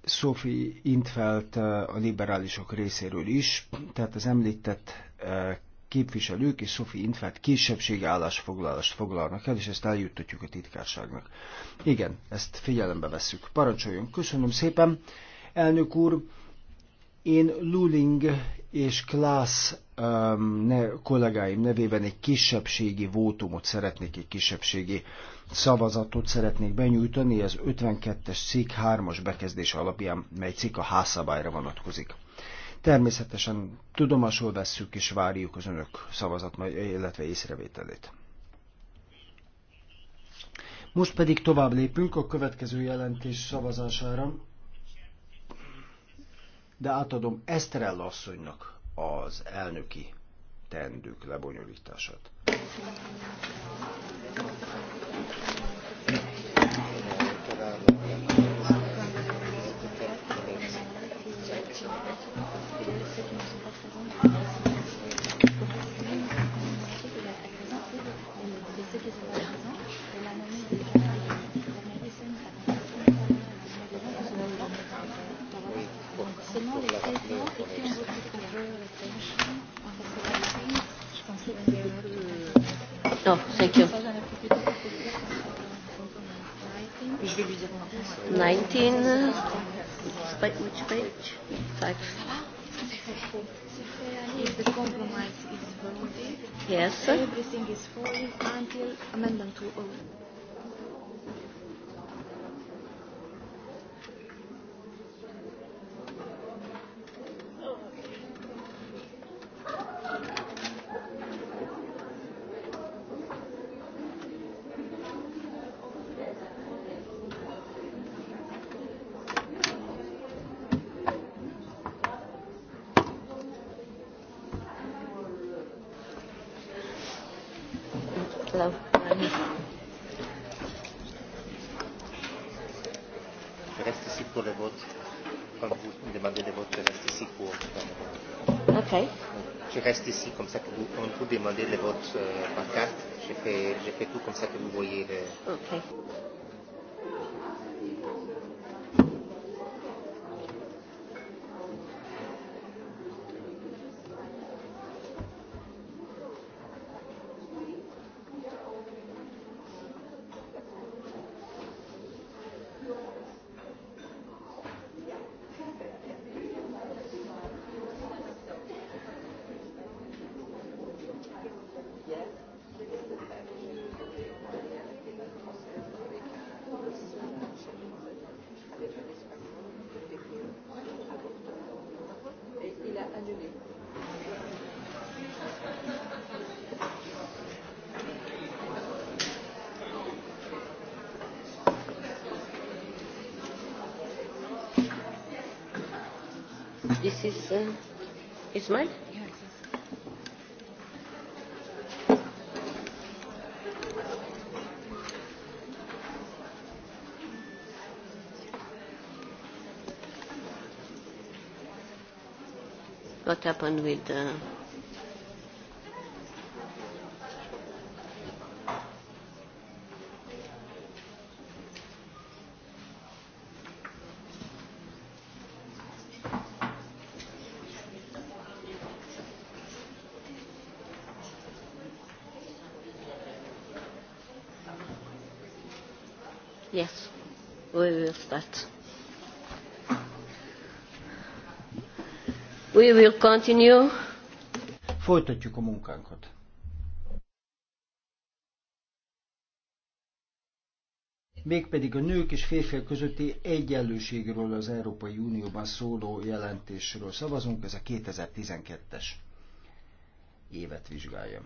Sophie Intfelt eh, a liberálisok részéről is, tehát az említett eh, képviselők és Sophie Infert kisebbségi állásfoglalást foglalnak el, és ezt eljuttatjuk a titkárságnak. Igen, ezt figyelembe vesszük. Parancsoljon, köszönöm szépen. Elnök úr, én Luling és Klász um, ne, kollégáim nevében egy kisebbségi vótumot szeretnék, egy kisebbségi szavazatot szeretnék benyújtani, ez 52-es cikk 3-as bekezdés alapján, mely cikk a házszabályra vonatkozik. Természetesen tudomásul vesszük és várjuk az önök szavazat, illetve észrevételét. Most pedig tovább lépünk a következő jelentés szavazására, de átadom Eszterella asszonynak az elnöki teendők lebonyolítását. So, thank you. 19. which page? Yes. Everything is falling until amendment 2. consecutive year Okay. This is uh, What happened with the? Uh, will continue. Folytatjuk a munkánkat. Mégpedig a nők és férfiak közötti egyenlőségről az Európai Unióban szóló jelentésről szavazunk, ez a 2012-es évet vizsgálja.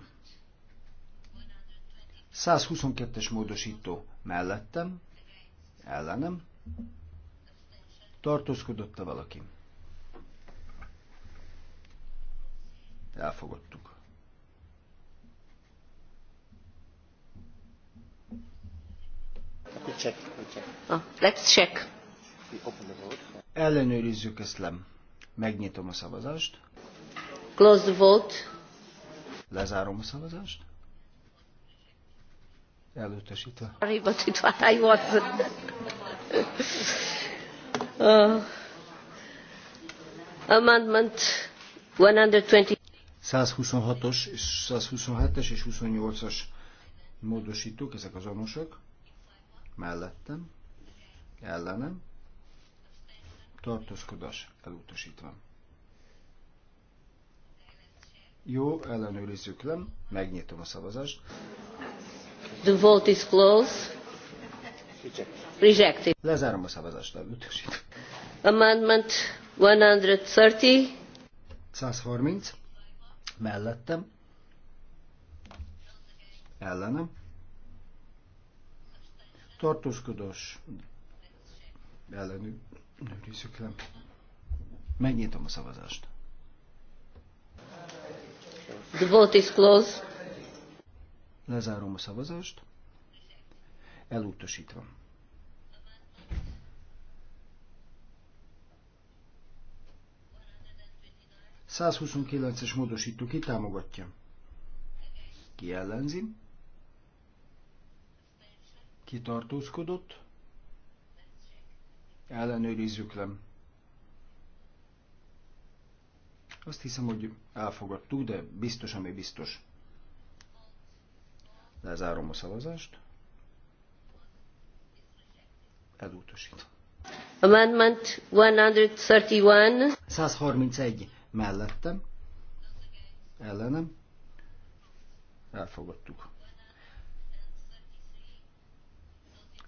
122-es módosító mellettem, ellenem, tartózkodott-e valaki? Elfogadtuk. Ah, let's check. Ellenőrizzük ezt le. Megnyitom a szavazást. Close the vote. Lezárom a szavazást. Elutasítva. Sorry, but it what I was. uh, uh amendment 120. 126-os, 127-es és 28-as módosítók, ezek az azonosak. Mellettem, ellenem, tartózkodás elutasítva. Jó, ellenőrizzük le, megnyitom a szavazást. The vote is closed. Rejected. Lezárom a szavazást, elutasítva. Amendment 130. 130 mellettem, ellenem, tartózkodás, nőrizzük le. Megnyitom a szavazást. The vote is closed. Lezárom a szavazást. Elutasítva. 129-es módosító ki támogatja? Ki ellenzi? Ki tartózkodott? Ellenőrizzük le. Azt hiszem, hogy elfogadtuk, de biztos, ami biztos. Lezárom a szavazást. Elutasít. Amendment 131. 131 mellettem, ellenem, elfogadtuk.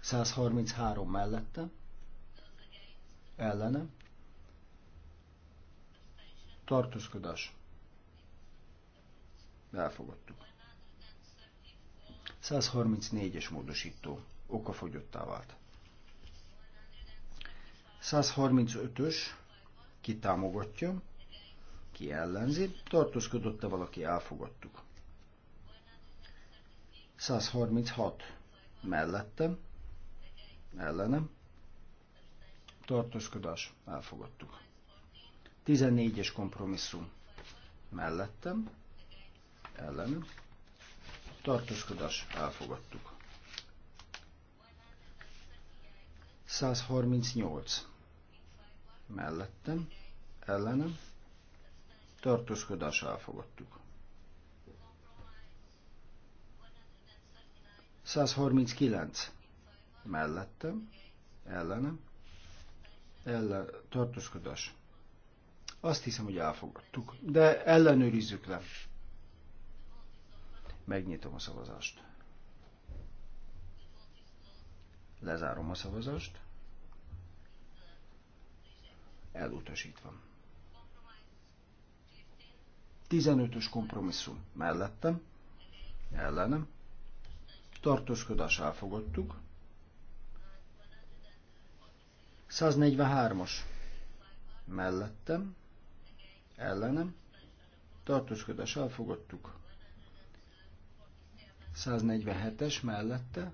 133 mellettem, ellenem, tartózkodás, elfogadtuk. 134-es módosító okafogyottá vált. 135-ös kitámogatja, ki ellenzi, tartózkodott-e valaki, elfogadtuk. 136 mellettem, ellenem, tartózkodás, elfogadtuk. 14-es kompromisszum mellettem, ellenem, tartózkodás, elfogadtuk. 138 mellettem, ellenem, tartózkodás elfogadtuk. 139 mellettem, ellenem, ellen, tartózkodás. Azt hiszem, hogy elfogadtuk, de ellenőrizzük le. Megnyitom a szavazást. Lezárom a szavazást. Elutasítva. 15-ös kompromisszum mellettem, ellenem, tartózkodás elfogadtuk. 143-as mellettem, ellenem, tartózkodás elfogadtuk. 147-es mellette,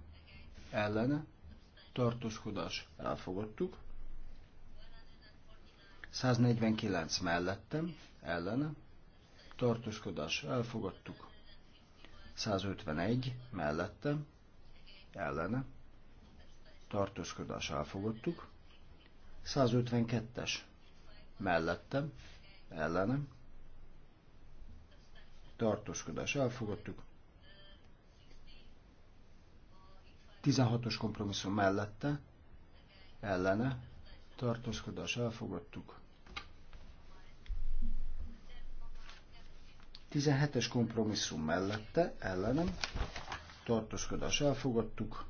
ellene, tartózkodás elfogadtuk. 149 mellettem, ellene, tartózkodás elfogadtuk. 151 mellette, ellene, tartózkodás elfogadtuk. 152-es mellette, ellene, tartózkodás elfogadtuk. 16-os kompromisszum mellette, ellene, tartózkodás elfogadtuk. 17-es kompromisszum mellette, ellenem, tartózkodás elfogadtuk.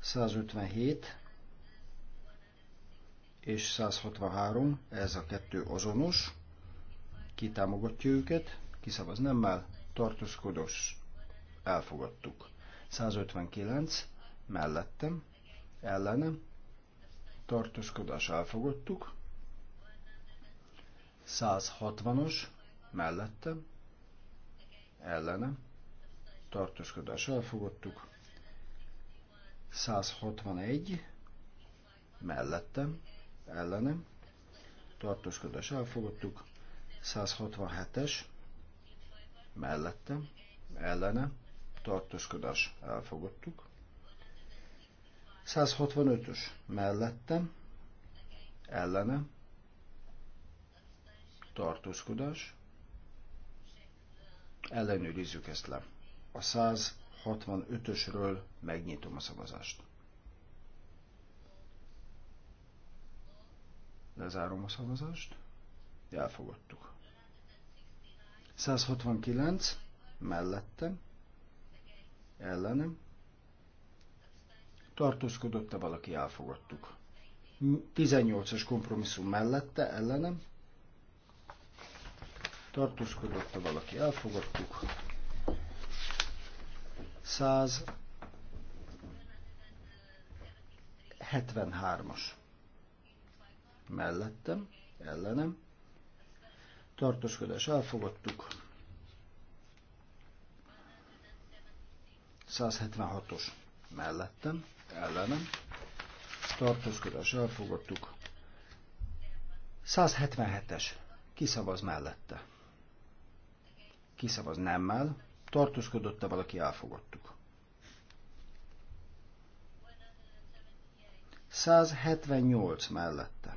157 és 163, ez a kettő azonos. Ki támogatja őket, kiszavaz nemmel, tartózkodós, elfogadtuk. 159 mellettem, ellenem, tartózkodás elfogadtuk. 160-os mellette, ellene, tartózkodás elfogadtuk. 161 mellette, ellene, tartózkodás elfogadtuk. 167-es mellette, ellene, tartózkodás elfogadtuk. 165-ös mellette, ellene, tartózkodás, ellenőrizzük ezt le. A 165-ösről megnyitom a szavazást. Lezárom a szavazást. Elfogadtuk. 169 mellettem, ellenem. Tartózkodott-e valaki, elfogadtuk. 18-as kompromisszum mellette, ellenem tartózkodott, ha valaki elfogadtuk. 173-as mellettem, ellenem, tartózkodás elfogadtuk. 176-os mellettem, ellenem, tartózkodás elfogadtuk. 177-es kiszavaz mellette kiszavaz nemmel, tartózkodott-e valaki, elfogadtuk. 178 mellette.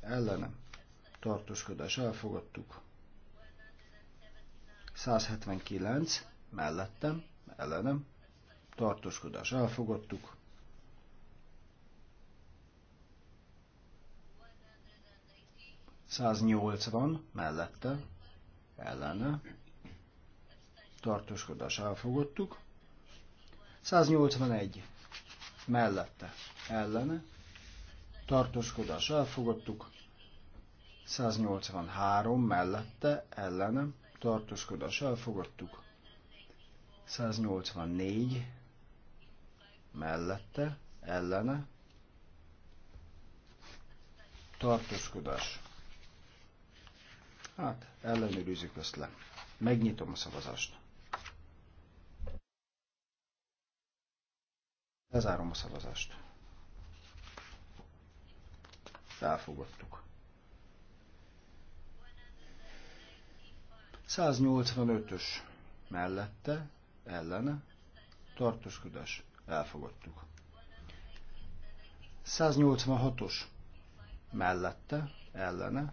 Ellenem. Tartózkodás elfogadtuk. 179 mellettem, ellenem. Tartózkodás elfogadtuk. 180 mellette, ellene tartózkodás elfogadtuk. 181 mellette ellene tartózkodás elfogadtuk. 183 mellette ellene tartózkodás elfogadtuk. 184 mellette ellene tartózkodás. Hát, ellenőrizzük ezt le. Megnyitom a szavazást. Lezárom a szavazást. Elfogadtuk. 185-ös mellette, ellene, tartózkodás, elfogadtuk. 186-os mellette, ellene,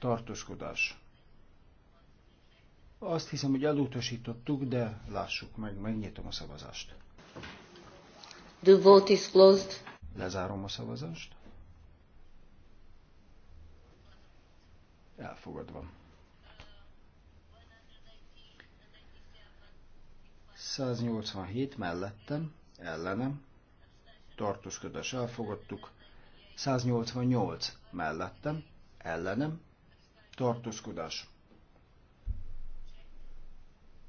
tartózkodás, azt hiszem, hogy elutasítottuk, de lássuk meg, megnyitom a szavazást. The vote is closed. Lezárom a szavazást. Elfogadva. 187 mellettem, ellenem, tartózkodás elfogadtuk, 188 mellettem, ellenem, tartózkodás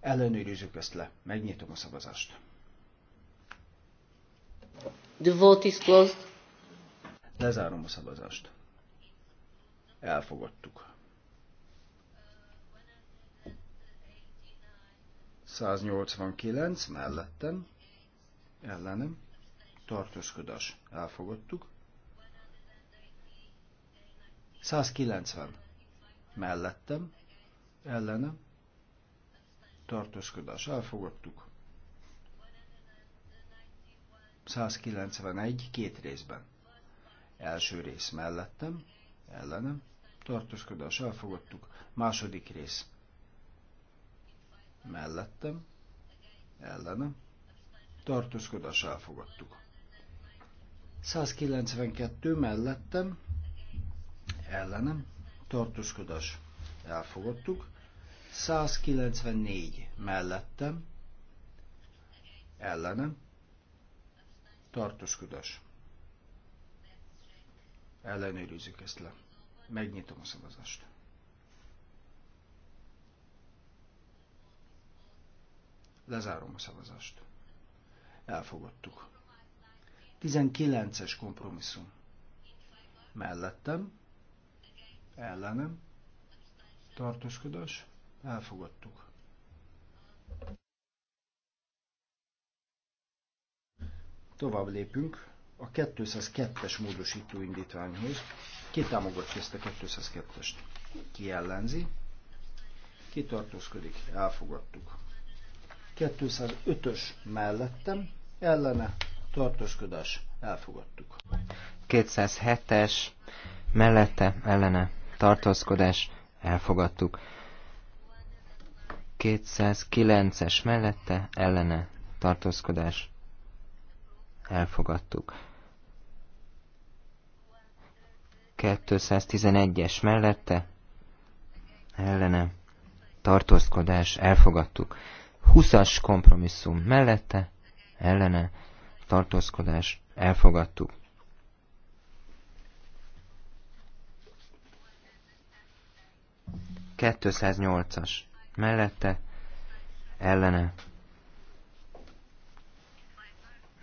Ellenőrizzük ezt le. Megnyitom a szavazást. The vote is closed. Lezárom a szavazást. Elfogadtuk. 189 mellettem, ellenem, tartózkodás, elfogadtuk. 190 mellettem, ellenem, tartózkodás elfogadtuk. 191 két részben. Első rész mellettem, ellenem, tartózkodás elfogadtuk. Második rész mellettem, ellenem, tartózkodás elfogadtuk. 192 mellettem, ellenem, tartózkodás elfogadtuk. 194 mellettem, ellenem, tartózkodás. Ellenőrizzük ezt le. Megnyitom a szavazást. Lezárom a szavazást. Elfogadtuk. 19-es kompromisszum. Mellettem, ellenem, tartózkodás Elfogadtuk. Tovább lépünk a 202-es módosító indítványhoz. Ki támogatja ezt a 202-est? Ki ellenzi? Ki tartózkodik? Elfogadtuk. 205-ös mellettem, ellene tartózkodás. Elfogadtuk. 207-es mellette, ellene tartózkodás. Elfogadtuk. 209-es mellette ellene tartózkodás elfogadtuk. 211-es mellette ellene tartózkodás elfogadtuk. 20-as kompromisszum mellette ellene tartózkodás elfogadtuk. Kettőszáznyolcas mellette, ellene,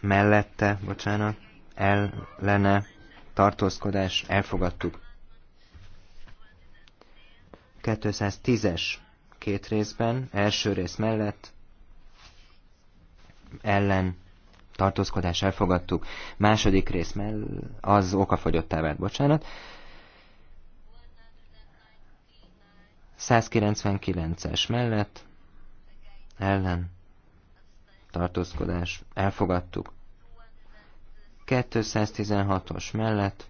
mellette, bocsánat, ellene, tartózkodás, elfogadtuk. 210-es két részben, első rész mellett, ellen, tartózkodás, elfogadtuk. Második rész mell az okafogyottá vált, bocsánat. 199-es mellett, ellen, tartózkodás, elfogadtuk. 216-os mellett,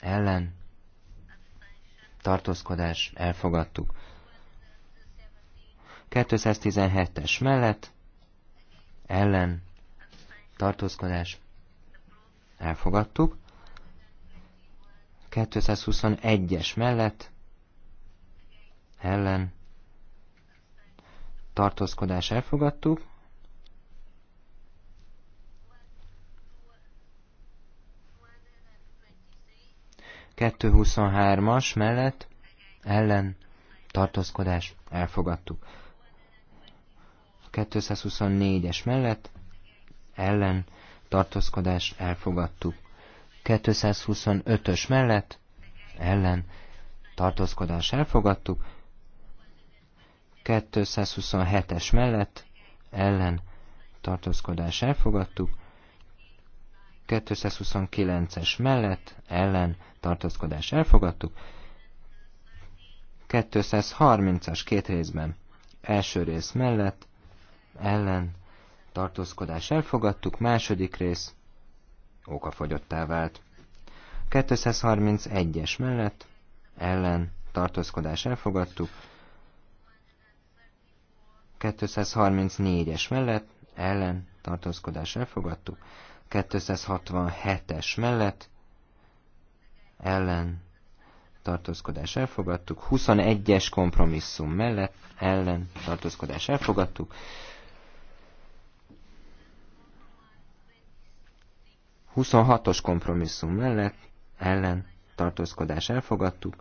ellen, tartózkodás, elfogadtuk. 217-es mellett, ellen, tartózkodás, elfogadtuk. 221-es mellett ellen tartózkodás elfogadtuk. Kettő as mellett ellen tartózkodás elfogadtuk. 224-es mellett ellen tartózkodás elfogadtuk. 225-ös mellett ellen tartózkodás elfogadtuk, 227-es mellett ellen tartózkodás elfogadtuk, 229-es mellett ellen tartózkodás elfogadtuk, 230-as két részben első rész mellett ellen tartózkodás elfogadtuk, második rész okafogyottá vált. 231-es mellett ellen tartózkodás elfogadtuk, 234-es mellett ellen tartózkodás elfogadtuk, 267-es mellett ellen tartózkodás elfogadtuk, 21-es kompromisszum mellett ellen tartózkodás elfogadtuk, 26-os kompromisszum mellett ellen tartózkodás elfogadtuk.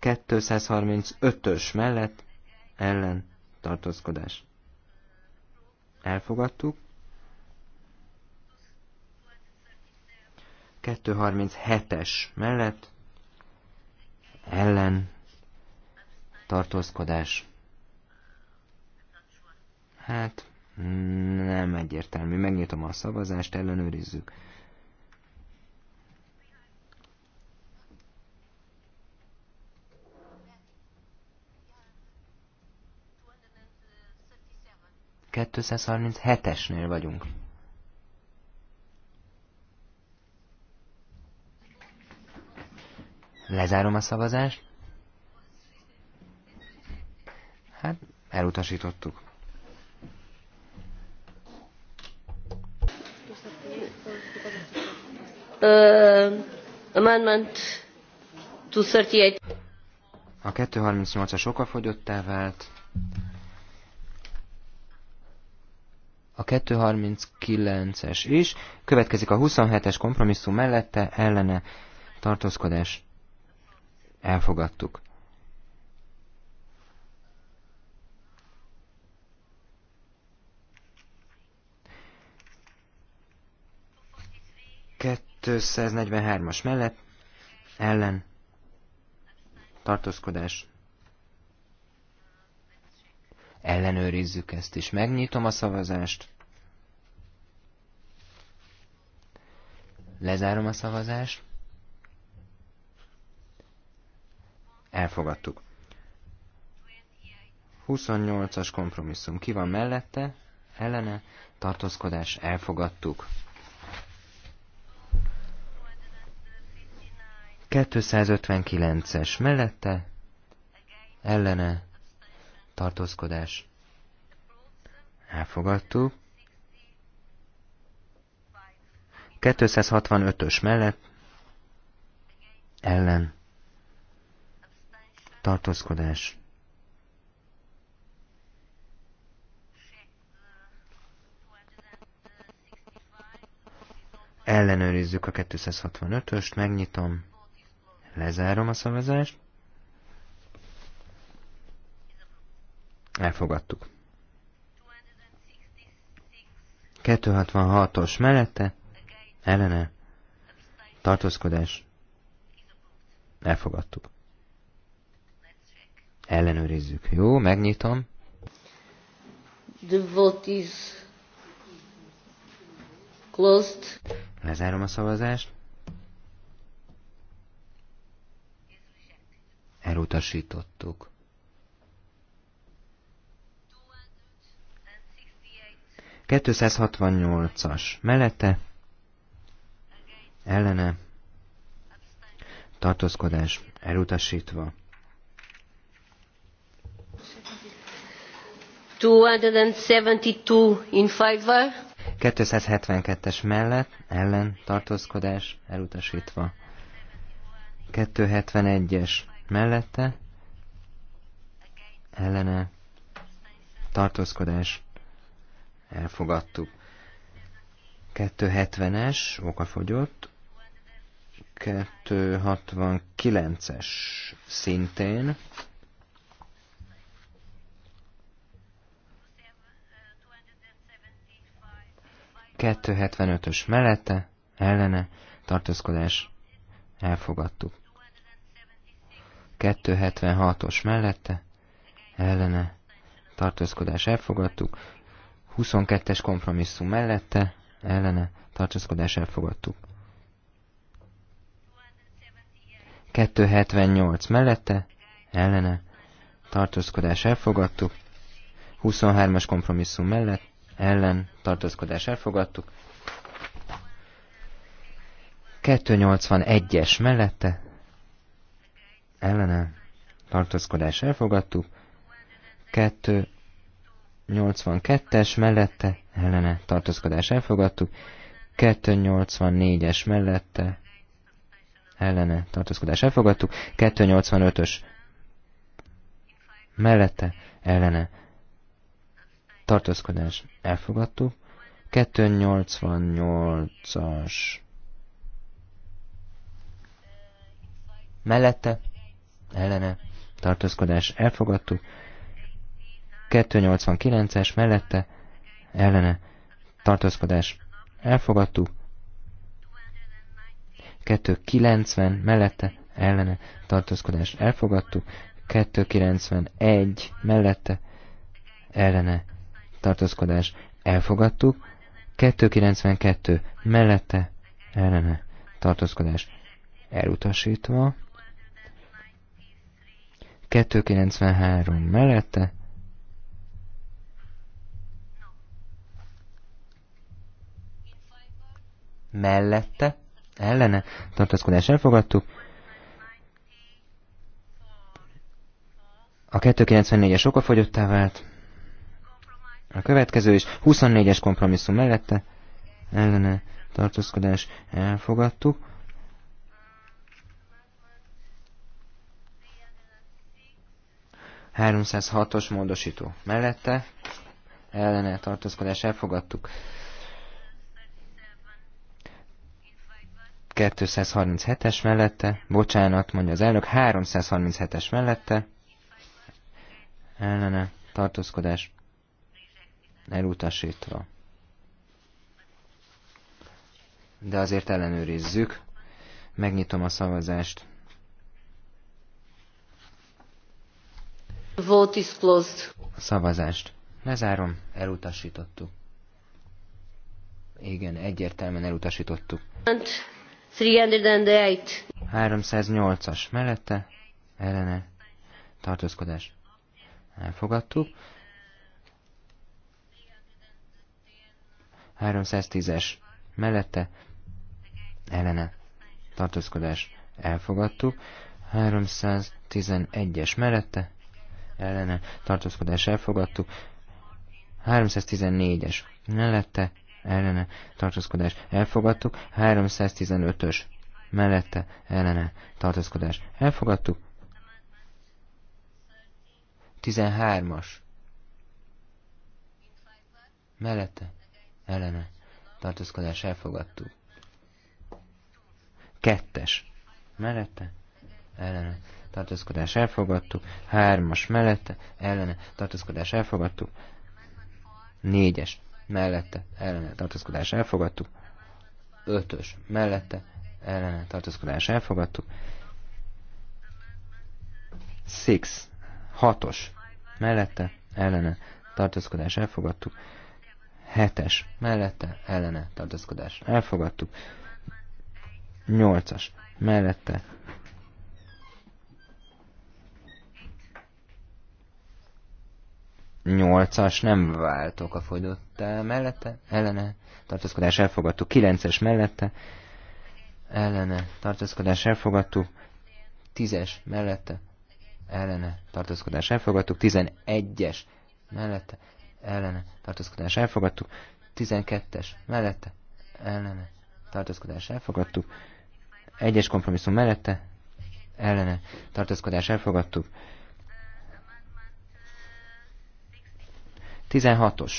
235-ös mellett ellen tartózkodás elfogadtuk. 237-es mellett ellen tartózkodás. Hát nem egyértelmű. Megnyitom a szavazást, ellenőrizzük. Kettőszázharmincheten-esnél vagyunk. Lezárom a szavazást. Hát, elutasítottuk. Uh, amendment 238. A 238-as okafogyottá vált. A 239-es is. Következik a 27-es kompromisszum mellette ellene tartózkodás. Elfogadtuk. Kettő 243-as mellett ellen tartózkodás. Ellenőrizzük ezt is. Megnyitom a szavazást. Lezárom a szavazást. Elfogadtuk. 28-as kompromisszum. Ki van mellette? Ellene? Tartózkodás. Elfogadtuk. 259-es mellette, ellene, tartózkodás. Elfogadtuk. 265-ös mellett, ellen, tartózkodás. Ellenőrizzük a 265-öst, megnyitom. Lezárom a szavazást. Elfogadtuk. 266-os mellette, ellene, tartózkodás, elfogadtuk. Ellenőrizzük. Jó, megnyitom. The vote is closed. Lezárom a szavazást. elutasítottuk. 268-as mellette, ellene, tartózkodás elutasítva. 272 in favor. 272-es mellett, ellen, tartózkodás elutasítva. 271-es mellette, ellene, tartózkodás, elfogadtuk. 270-es, okafogyott, 269-es szintén, Kettő ös mellette, ellene, tartózkodás, elfogadtuk. 276-os mellette, ellene, tartózkodás elfogadtuk, 22-es kompromisszum mellette, ellene, tartózkodás elfogadtuk. 278 mellette, ellene, tartózkodás elfogadtuk, 23-as kompromisszum mellett, ellen, tartózkodás elfogadtuk, 281-es mellette, ellene tartózkodás elfogadtuk, 282 es mellette ellene tartózkodás elfogadtuk, 284-es mellette ellene tartózkodás elfogadtuk, 285-ös mellette ellene tartózkodás elfogadtuk, 288-as mellette ellene tartózkodás elfogadtuk, 289-es mellette ellene tartózkodás elfogadtuk, 290 mellette ellene tartózkodás elfogadtuk, 291 mellette ellene tartózkodás elfogadtuk, 292 mellette ellene tartózkodás elutasítva, 293 mellette. Mellette. Ellene. Tartaszkodás elfogadtuk. A 294-es okafogyottá vált. A következő is 24-es kompromisszum mellette. Ellene. Tartózkodás elfogadtuk. 306-os módosító mellette, ellene tartózkodás elfogadtuk. 237-es mellette, bocsánat, mondja az elnök, 337-es mellette, ellene tartózkodás elutasítva. De azért ellenőrizzük, megnyitom a szavazást. Vote is closed. Szavazást. Lezárom. Elutasítottuk. Igen, egyértelműen elutasítottuk. 308. 308-as mellette, ellene, tartózkodás. Elfogadtuk. 310-es mellette, ellene, tartózkodás. Elfogadtuk. 311-es mellette, ellene tartózkodás elfogadtuk. 314-es mellette ellene tartózkodás elfogadtuk. 315-ös mellette ellene tartózkodás elfogadtuk. 13-as mellette ellene tartózkodás elfogadtuk. Kettes mellette ellene tartózkodás elfogadtuk, hármas mellette, ellene, tartózkodás elfogadtuk, négyes mellette, ellene, tartózkodás elfogadtuk, ötös mellette, ellene, tartózkodás elfogadtuk, six, hatos mellette, ellene, tartózkodás elfogadtuk, hetes mellette, ellene, tartózkodás elfogadtuk, nyolcas mellette, 8-as nem váltok a fogyottá mellette, ellene, tartózkodás elfogadtuk, 9-es mellette, ellene, tartózkodás elfogadtuk, 10-es mellette, ellene, tartózkodás elfogadtuk, 11-es mellette, ellene, tartózkodás elfogadtuk, 12-es mellette, ellene, tartózkodás elfogadtuk, 1-es kompromisszum mellette, ellene, tartózkodás elfogadtuk, 16-os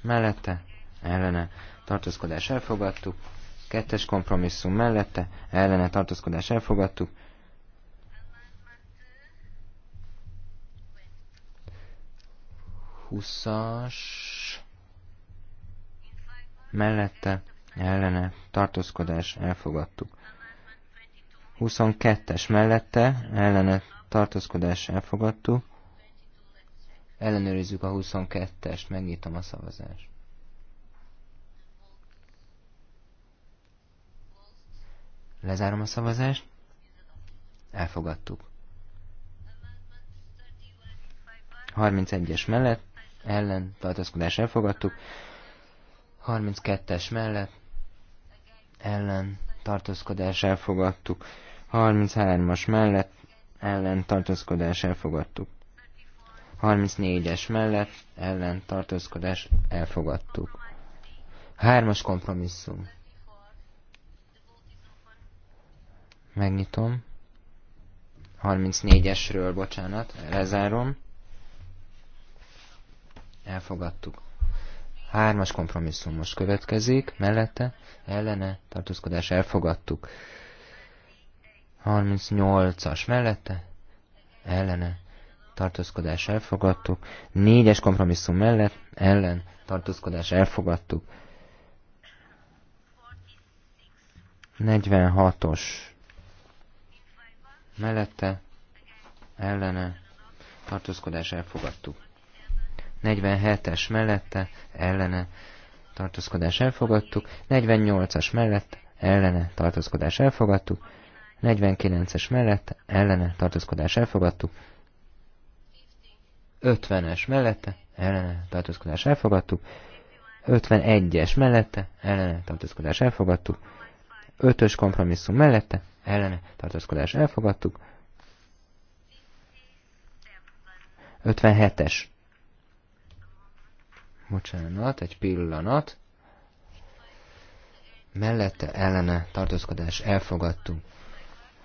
mellette ellene tartózkodás elfogadtuk, kettes kompromisszum mellette ellene tartózkodás elfogadtuk, Huszas mellette ellene tartózkodás elfogadtuk. 22-es mellette ellene tartózkodás elfogadtuk. Ellenőrizzük a 22-est, megnyitom a szavazást. Lezárom a szavazást. Elfogadtuk. 31-es mellett, ellen, tartózkodás elfogadtuk. 32-es mellett, ellen, tartózkodás elfogadtuk. 33-as mellett, ellen, tartózkodás elfogadtuk. 34-es mellett ellen tartózkodás elfogadtuk. Hármas kompromisszum. Megnyitom. 34-esről, bocsánat, lezárom. Elfogadtuk. Hármas kompromisszum most következik, mellette, ellene, tartózkodás elfogadtuk. 38-as mellette, ellene, tartózkodás elfogadtuk, négyes kompromisszum mellett ellen tartózkodás elfogadtuk. 46-os mellette ellene tartózkodás elfogadtuk. 47-es mellette ellene tartózkodás elfogadtuk, 48-as mellett ellene tartózkodás elfogadtuk, 49-es mellett ellene tartózkodás elfogadtuk, 50-es mellette, ellene tartózkodás elfogadtuk. 51-es mellette, ellene tartózkodás elfogadtuk. 5-ös kompromisszum mellette, ellene tartózkodás elfogadtuk. 57-es. Bocsánat, egy pillanat. Mellette ellene tartózkodás elfogadtuk.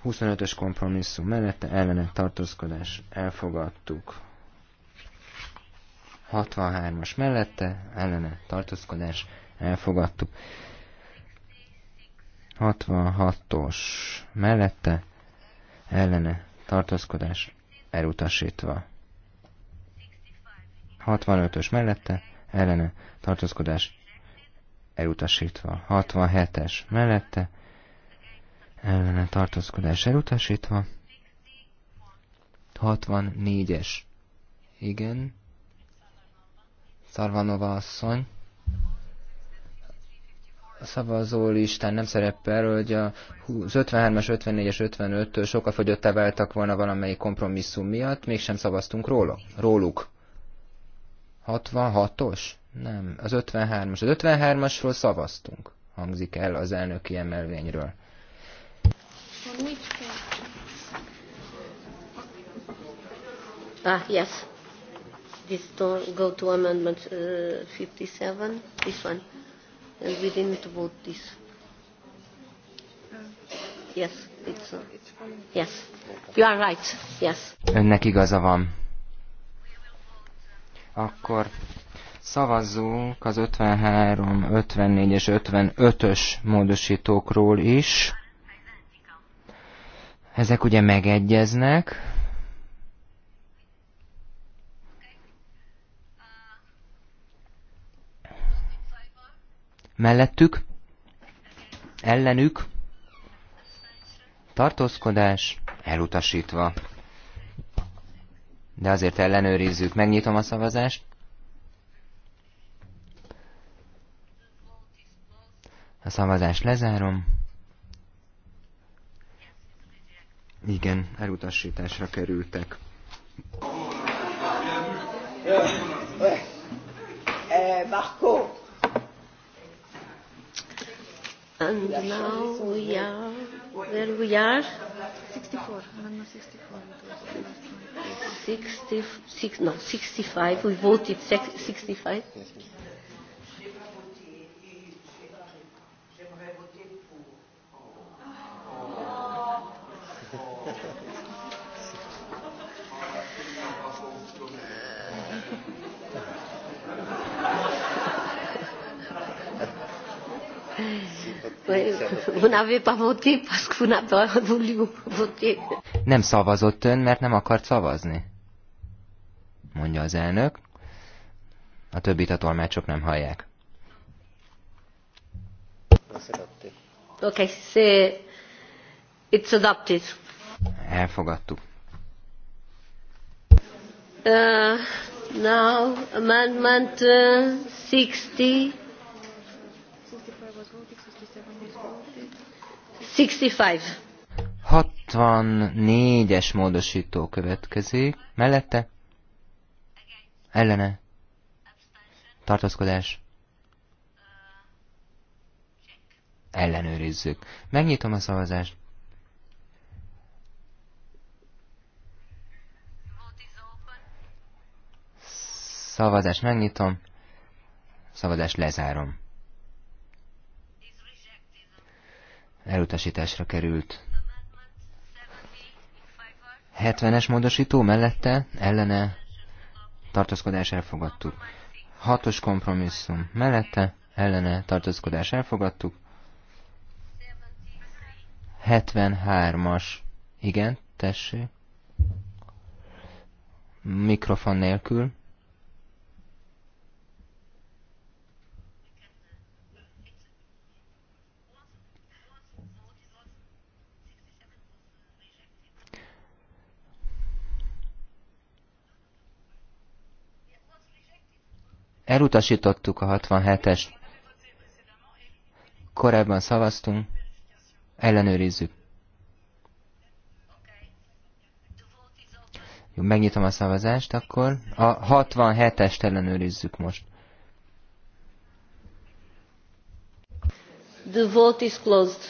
25-ös kompromisszum mellette ellene tartózkodás elfogadtuk. 63-as mellette, ellene tartózkodás, elfogadtuk. 66-os mellette, ellene tartózkodás, elutasítva. 65-ös mellette, ellene tartózkodás, elutasítva. 67-es mellette, ellene tartózkodás elutasítva. 64-es. Igen, Szarvanova asszony. A szavazó listán nem szerepel, hogy az 53-as, 54-es, 55 től sokkal fogyottá váltak volna valamelyik kompromisszum miatt, mégsem szavaztunk róla, róluk. 66-os? Nem, az 53-as. Az 53-asról szavaztunk, hangzik el az elnöki emelvényről. Ah, yes this don't go to amendment uh, 57, this one. And we didn't vote this. Yes, it's, uh, yes. You are right. Yes. Önnek igaza van. Akkor szavazzunk az 53, 54 és 55-ös módosítókról is. Ezek ugye megegyeznek. mellettük, ellenük, tartózkodás, elutasítva. De azért ellenőrizzük, megnyitom a szavazást. A szavazást lezárom. Igen, elutasításra kerültek. Eh, Marco, And now we are, where we are? 64, number 64. 60, six, no, 65, we voted 65. Nem szavazott ön, mert nem akart szavazni, mondja az elnök. A többit a tolmácsok nem hallják. Okay, so it's adopted. Elfogadtuk. Uh, now, amendment uh, 60. 65. 64-es módosító következik. Mellette? Ellene? Tartózkodás? Ellenőrizzük. Megnyitom a szavazást. Szavazást megnyitom. Szavazást lezárom. elutasításra került. 70-es módosító mellette ellene tartózkodás elfogadtuk. 6-os kompromisszum mellette ellene tartózkodás elfogadtuk. 73-as igen, tessé. Mikrofon nélkül. Elutasítottuk a 67 es Korábban szavaztunk, ellenőrizzük. Jó, megnyitom a szavazást akkor. A 67-est ellenőrizzük most. The vote is closed.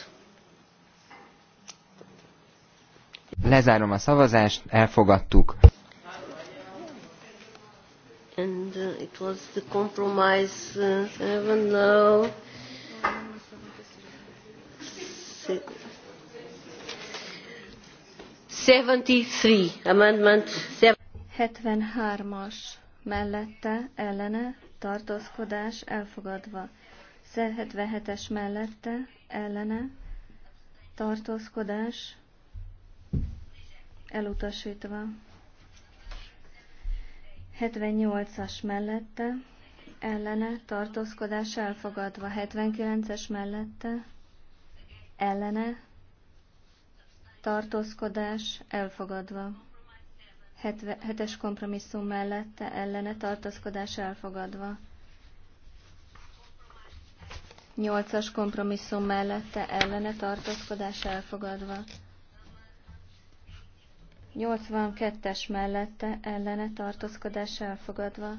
Lezárom a szavazást, elfogadtuk and uh, it was the compromise uh, seven no seventy three amendment seven as mellette ellene tartózkodás elfogadva 77-es mellette ellene tartózkodás elutasítva 78-as mellette, ellene, tartózkodás elfogadva. 79-es mellette, ellene, tartózkodás elfogadva. 7-es kompromisszum mellette, ellene, tartózkodás elfogadva. 8-as kompromisszum mellette, ellene, tartózkodás elfogadva. 82-es mellette ellene tartózkodás elfogadva.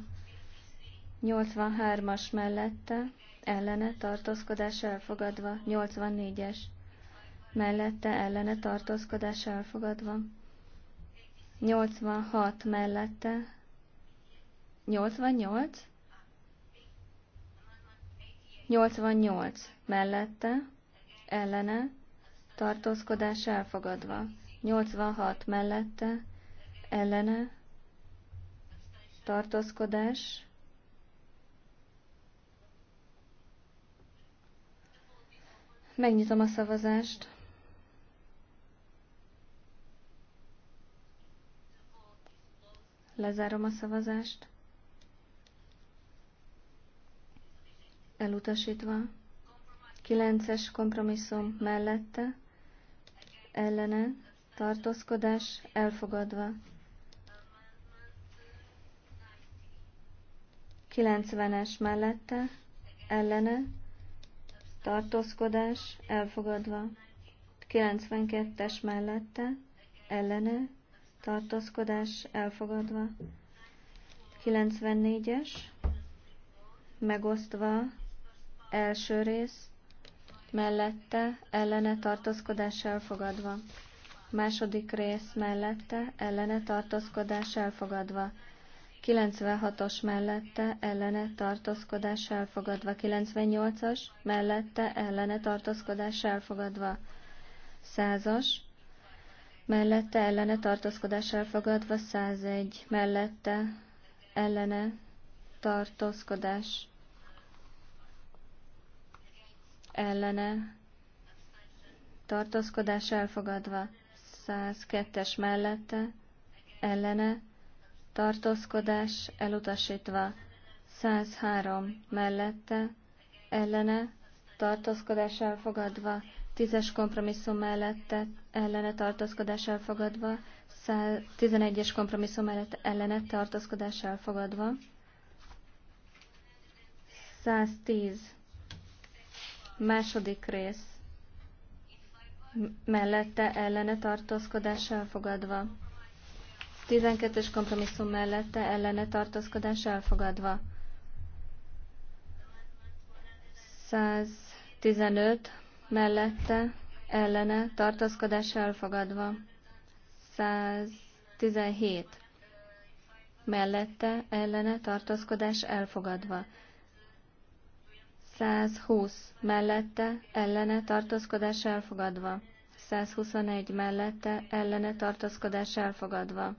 83-as mellette ellene tartózkodás elfogadva. 84-es mellette ellene tartózkodás elfogadva. 86 mellette. 88? 88 mellette ellene tartózkodás elfogadva. 86 mellette, ellene, tartózkodás, megnyitom a szavazást, lezárom a szavazást, elutasítva, 9-es kompromisszum mellette, ellene, tartózkodás elfogadva. 90-es mellette, ellene, tartózkodás elfogadva. 92-es mellette, ellene, tartózkodás elfogadva. 94-es, megosztva, első rész, mellette, ellene, tartózkodás elfogadva második rész mellette ellene tartózkodás elfogadva. 96-os mellette ellene tartózkodás elfogadva. 98-as mellette ellene tartózkodás elfogadva. 100-as mellette ellene tartózkodás elfogadva. 101 mellette ellene tartózkodás ellene tartózkodás elfogadva. 102-es mellette, ellene, tartózkodás elutasítva, 103 mellette, ellene, tartózkodás elfogadva, 10-es kompromisszum mellette, ellene tartózkodás elfogadva, 11-es kompromisszum mellett ellene tartózkodás elfogadva, 110 második rész mellette ellene tartózkodás elfogadva. 12-es kompromisszum mellette ellene tartózkodás elfogadva. 115 mellette ellene tartózkodás elfogadva. 117 mellette ellene tartózkodás elfogadva. 120 mellette ellene tartózkodás elfogadva. 121 mellette ellene tartózkodás elfogadva.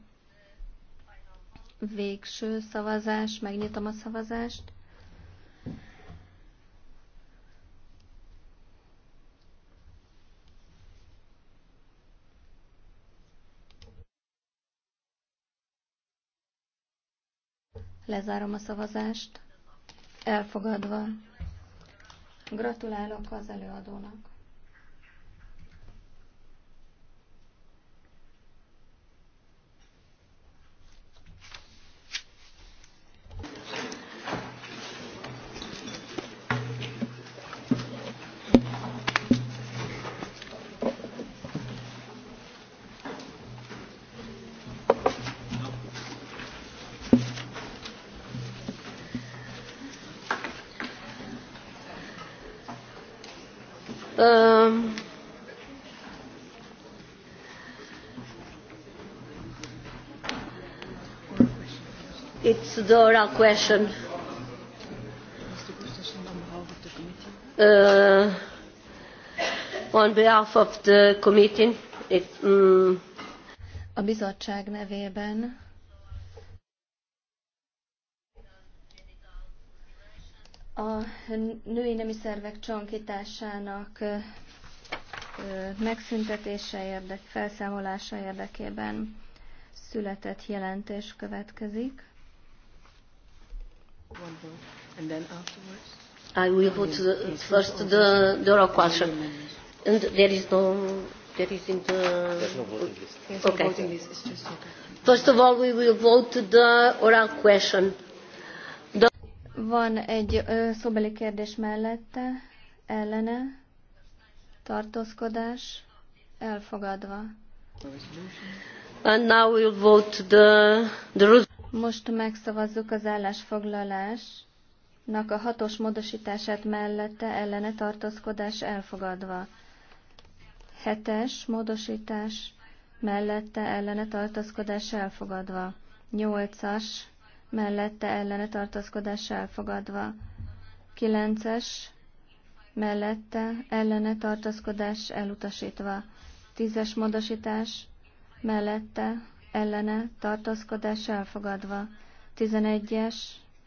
Végső szavazás, megnyitom a szavazást. Lezárom a szavazást. Elfogadva. Gratulálok az előadónak. to the oral question. Uh, on behalf of the committee, it, um, a bizottság nevében a női nemi szervek csonkításának megszüntetése érdek, felszámolása érdekében született jelentés következik. One vote. And then afterwards? I will vote the, first the, the oral question. And there is no... There is in the... There's no voting list. There's okay. no voting list. It's just okay. First of all, we will vote the oral question. The Van egy ö, szóbeli kérdés mellette, ellene, tartózkodás, elfogadva. And now we'll vote the, the most megszavazzuk az állásfoglalásnak a hatos módosítását mellette ellene tartózkodás elfogadva. Hetes módosítás mellette ellene tartózkodás elfogadva. Nyolcas mellette ellene tartózkodás elfogadva. Kilences mellette ellene tartózkodás elutasítva. Tízes módosítás mellette ellene tartózkodás elfogadva. 11-es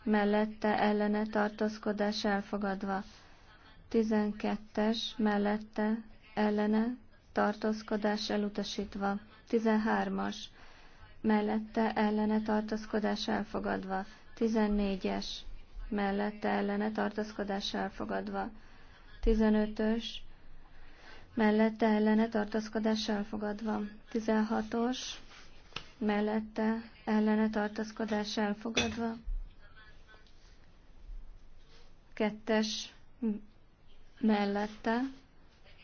mellette ellene tartózkodás elfogadva. 12-es mellette ellene tartózkodás elutasítva. 13-as mellette ellene tartózkodás elfogadva. 14-es mellette ellene tartózkodás elfogadva. 15-ös mellette ellene tartózkodás elfogadva. 16-os mellette ellene tartaszkodás elfogadva, kettes mellette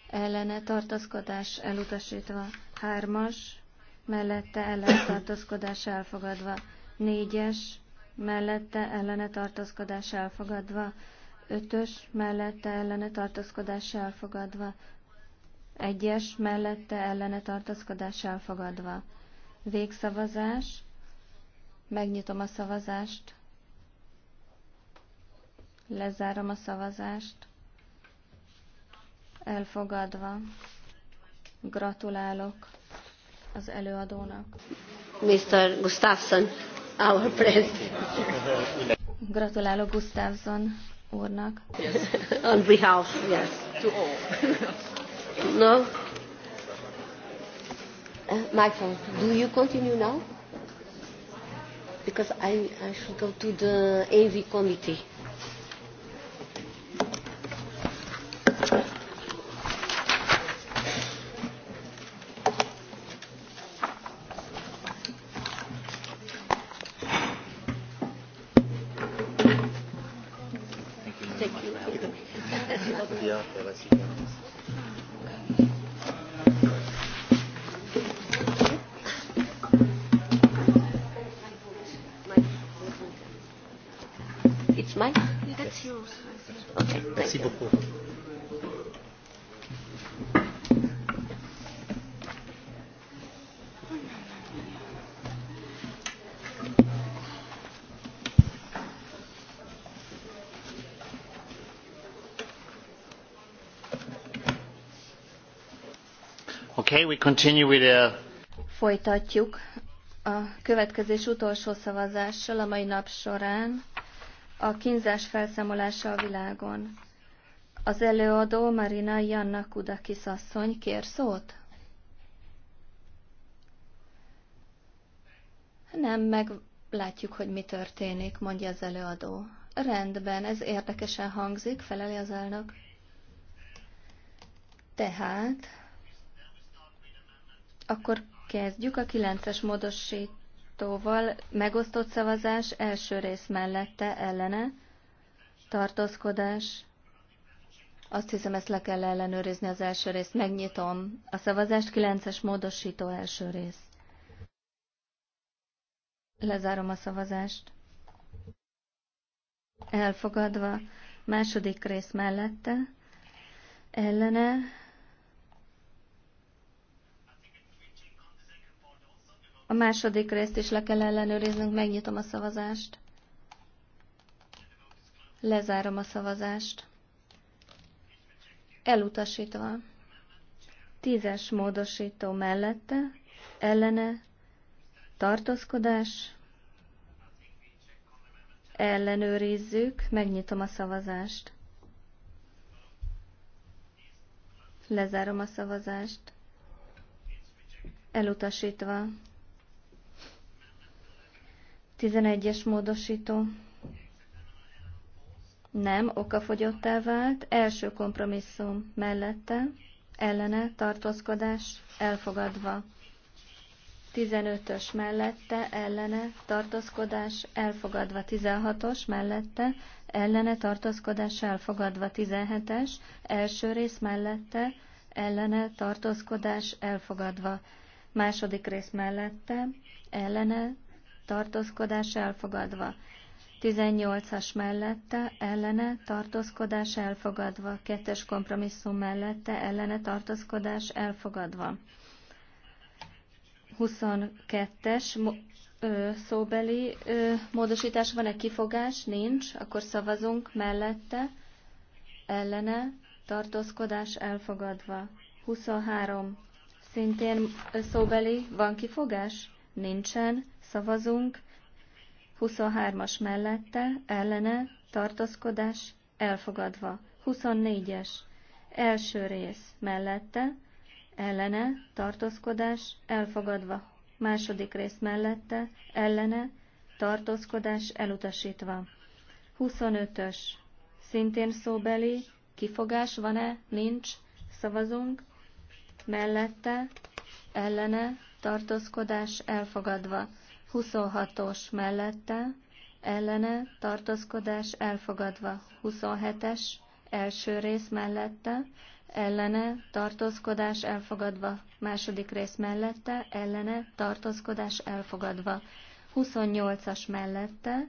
ellene tartaszkodás elutasítva, hármas mellette ellene tartaszkodás elfogadva, négyes mellette ellene tartaszkodás elfogadva, ötös mellette ellene tartaszkodás elfogadva, egyes mellette ellene tartaszkodás elfogadva. Végszavazás. Megnyitom a szavazást. Lezárom a szavazást. Elfogadva. Gratulálok az előadónak. Mr. Gustafsson, our president. Gratulálok Gustafsson úrnak. Yes. On behalf, yes. To all. no? Uh, Michael, do you continue now? Because I, I should go to the AV committee. Okay, Merci beaucoup. Okay, we continue with the... Folytatjuk a következés utolsó szavazással a mai nap során a kínzás felszámolása a világon. Az előadó Marina Janna Kudakis asszony kér szót? Nem, meg látjuk, hogy mi történik, mondja az előadó. Rendben, ez érdekesen hangzik, feleli az elnök. Tehát, akkor kezdjük a kilences módosít Tartóval megosztott szavazás első rész mellette ellene tartózkodás. Azt hiszem, ezt le kell ellenőrizni az első részt. Megnyitom a szavazást, 9-es módosító első rész. Lezárom a szavazást. Elfogadva. Második rész mellette. Ellene A második részt is le kell ellenőriznünk, megnyitom a szavazást. Lezárom a szavazást. Elutasítva. Tízes módosító mellette, ellene, tartózkodás, ellenőrizzük, megnyitom a szavazást. Lezárom a szavazást. Elutasítva. 11-es módosító. Nem, okafogyottá vált. Első kompromisszum mellette, ellene, tartózkodás, elfogadva. 15-ös mellette, ellene, tartózkodás, elfogadva. 16-os mellette, ellene, tartózkodás, elfogadva. 17-es, első rész mellette, ellene, tartózkodás, elfogadva. Második rész mellette, ellene, tartózkodás elfogadva. 18-as mellette ellene tartózkodás elfogadva, kettes kompromisszum mellette ellene tartózkodás elfogadva. 22-es szóbeli ö, módosítás van-e kifogás? Nincs. Akkor szavazunk mellette ellene tartózkodás elfogadva. 23. Szintén szóbeli van kifogás? nincsen, szavazunk, 23-as mellette, ellene, tartózkodás, elfogadva. 24-es, első rész, mellette, ellene, tartózkodás, elfogadva. Második rész mellette, ellene, tartózkodás, elutasítva. 25-ös, szintén szóbeli, kifogás van-e, nincs, szavazunk, mellette, ellene, tartózkodás elfogadva. 26-os mellette, ellene, tartózkodás elfogadva. 27-es első rész mellette, ellene, tartózkodás elfogadva. Második rész mellette, ellene, tartózkodás elfogadva. 28-as mellette,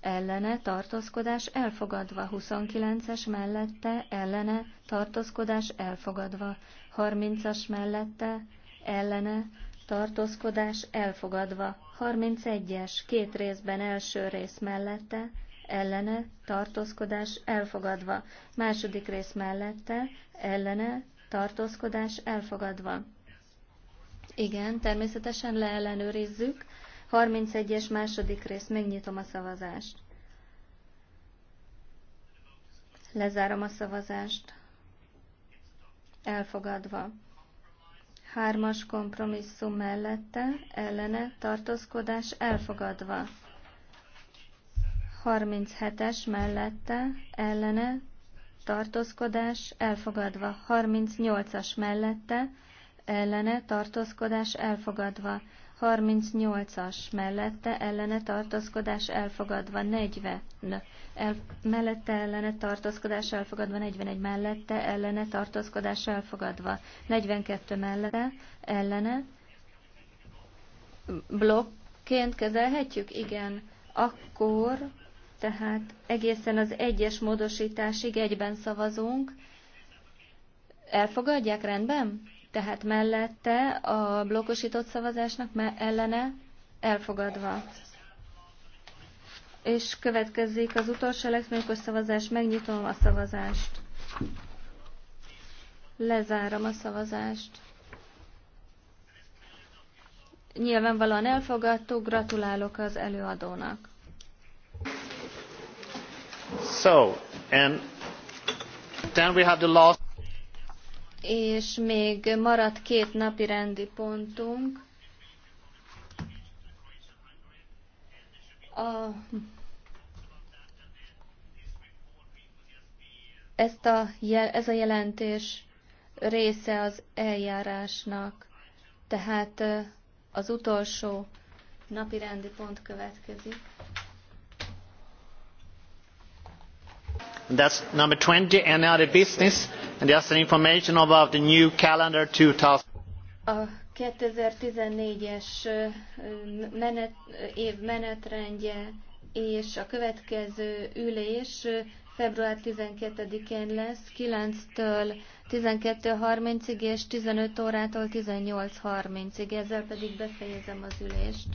ellene tartózkodás elfogadva, 29-es mellette ellene tartózkodás elfogadva, 30-as mellette ellene tartózkodás elfogadva. 31-es, két részben első rész mellette, ellene, tartózkodás elfogadva. Második rész mellette, ellene, tartózkodás elfogadva. Igen, természetesen leellenőrizzük. 31-es második rész, megnyitom a szavazást. Lezárom a szavazást. Elfogadva hármas kompromisszum mellette ellene tartózkodás elfogadva. 37-es mellette ellene tartózkodás elfogadva. 38-as mellette ellene tartózkodás elfogadva. 38-as mellette ellene tartózkodás elfogadva 40, el, mellette ellene tartózkodás elfogadva 41 mellette ellene tartózkodás elfogadva 42 mellette ellene blokként kezelhetjük? Igen. Akkor tehát egészen az egyes módosításig egyben szavazunk. Elfogadják rendben? Tehát mellette a blokkosított szavazásnak ellene elfogadva. És következik az utolsó elektronikus szavazás, megnyitom a szavazást. Lezárom a szavazást. Nyilvánvalóan elfogadtuk, gratulálok az előadónak. So, and then we have the last és még maradt két napi rendi pontunk. A, ezt a, ez a jelentés része az eljárásnak, tehát az utolsó napi rendi pont következik. That's number 20 and other business and just an information about the new calendar A 2014-es menet, év menetrendje és a következő ülés február 12-én lesz, 9-től 12.30-ig és 15 órától 18.30-ig. Ezzel pedig befejezem az ülést.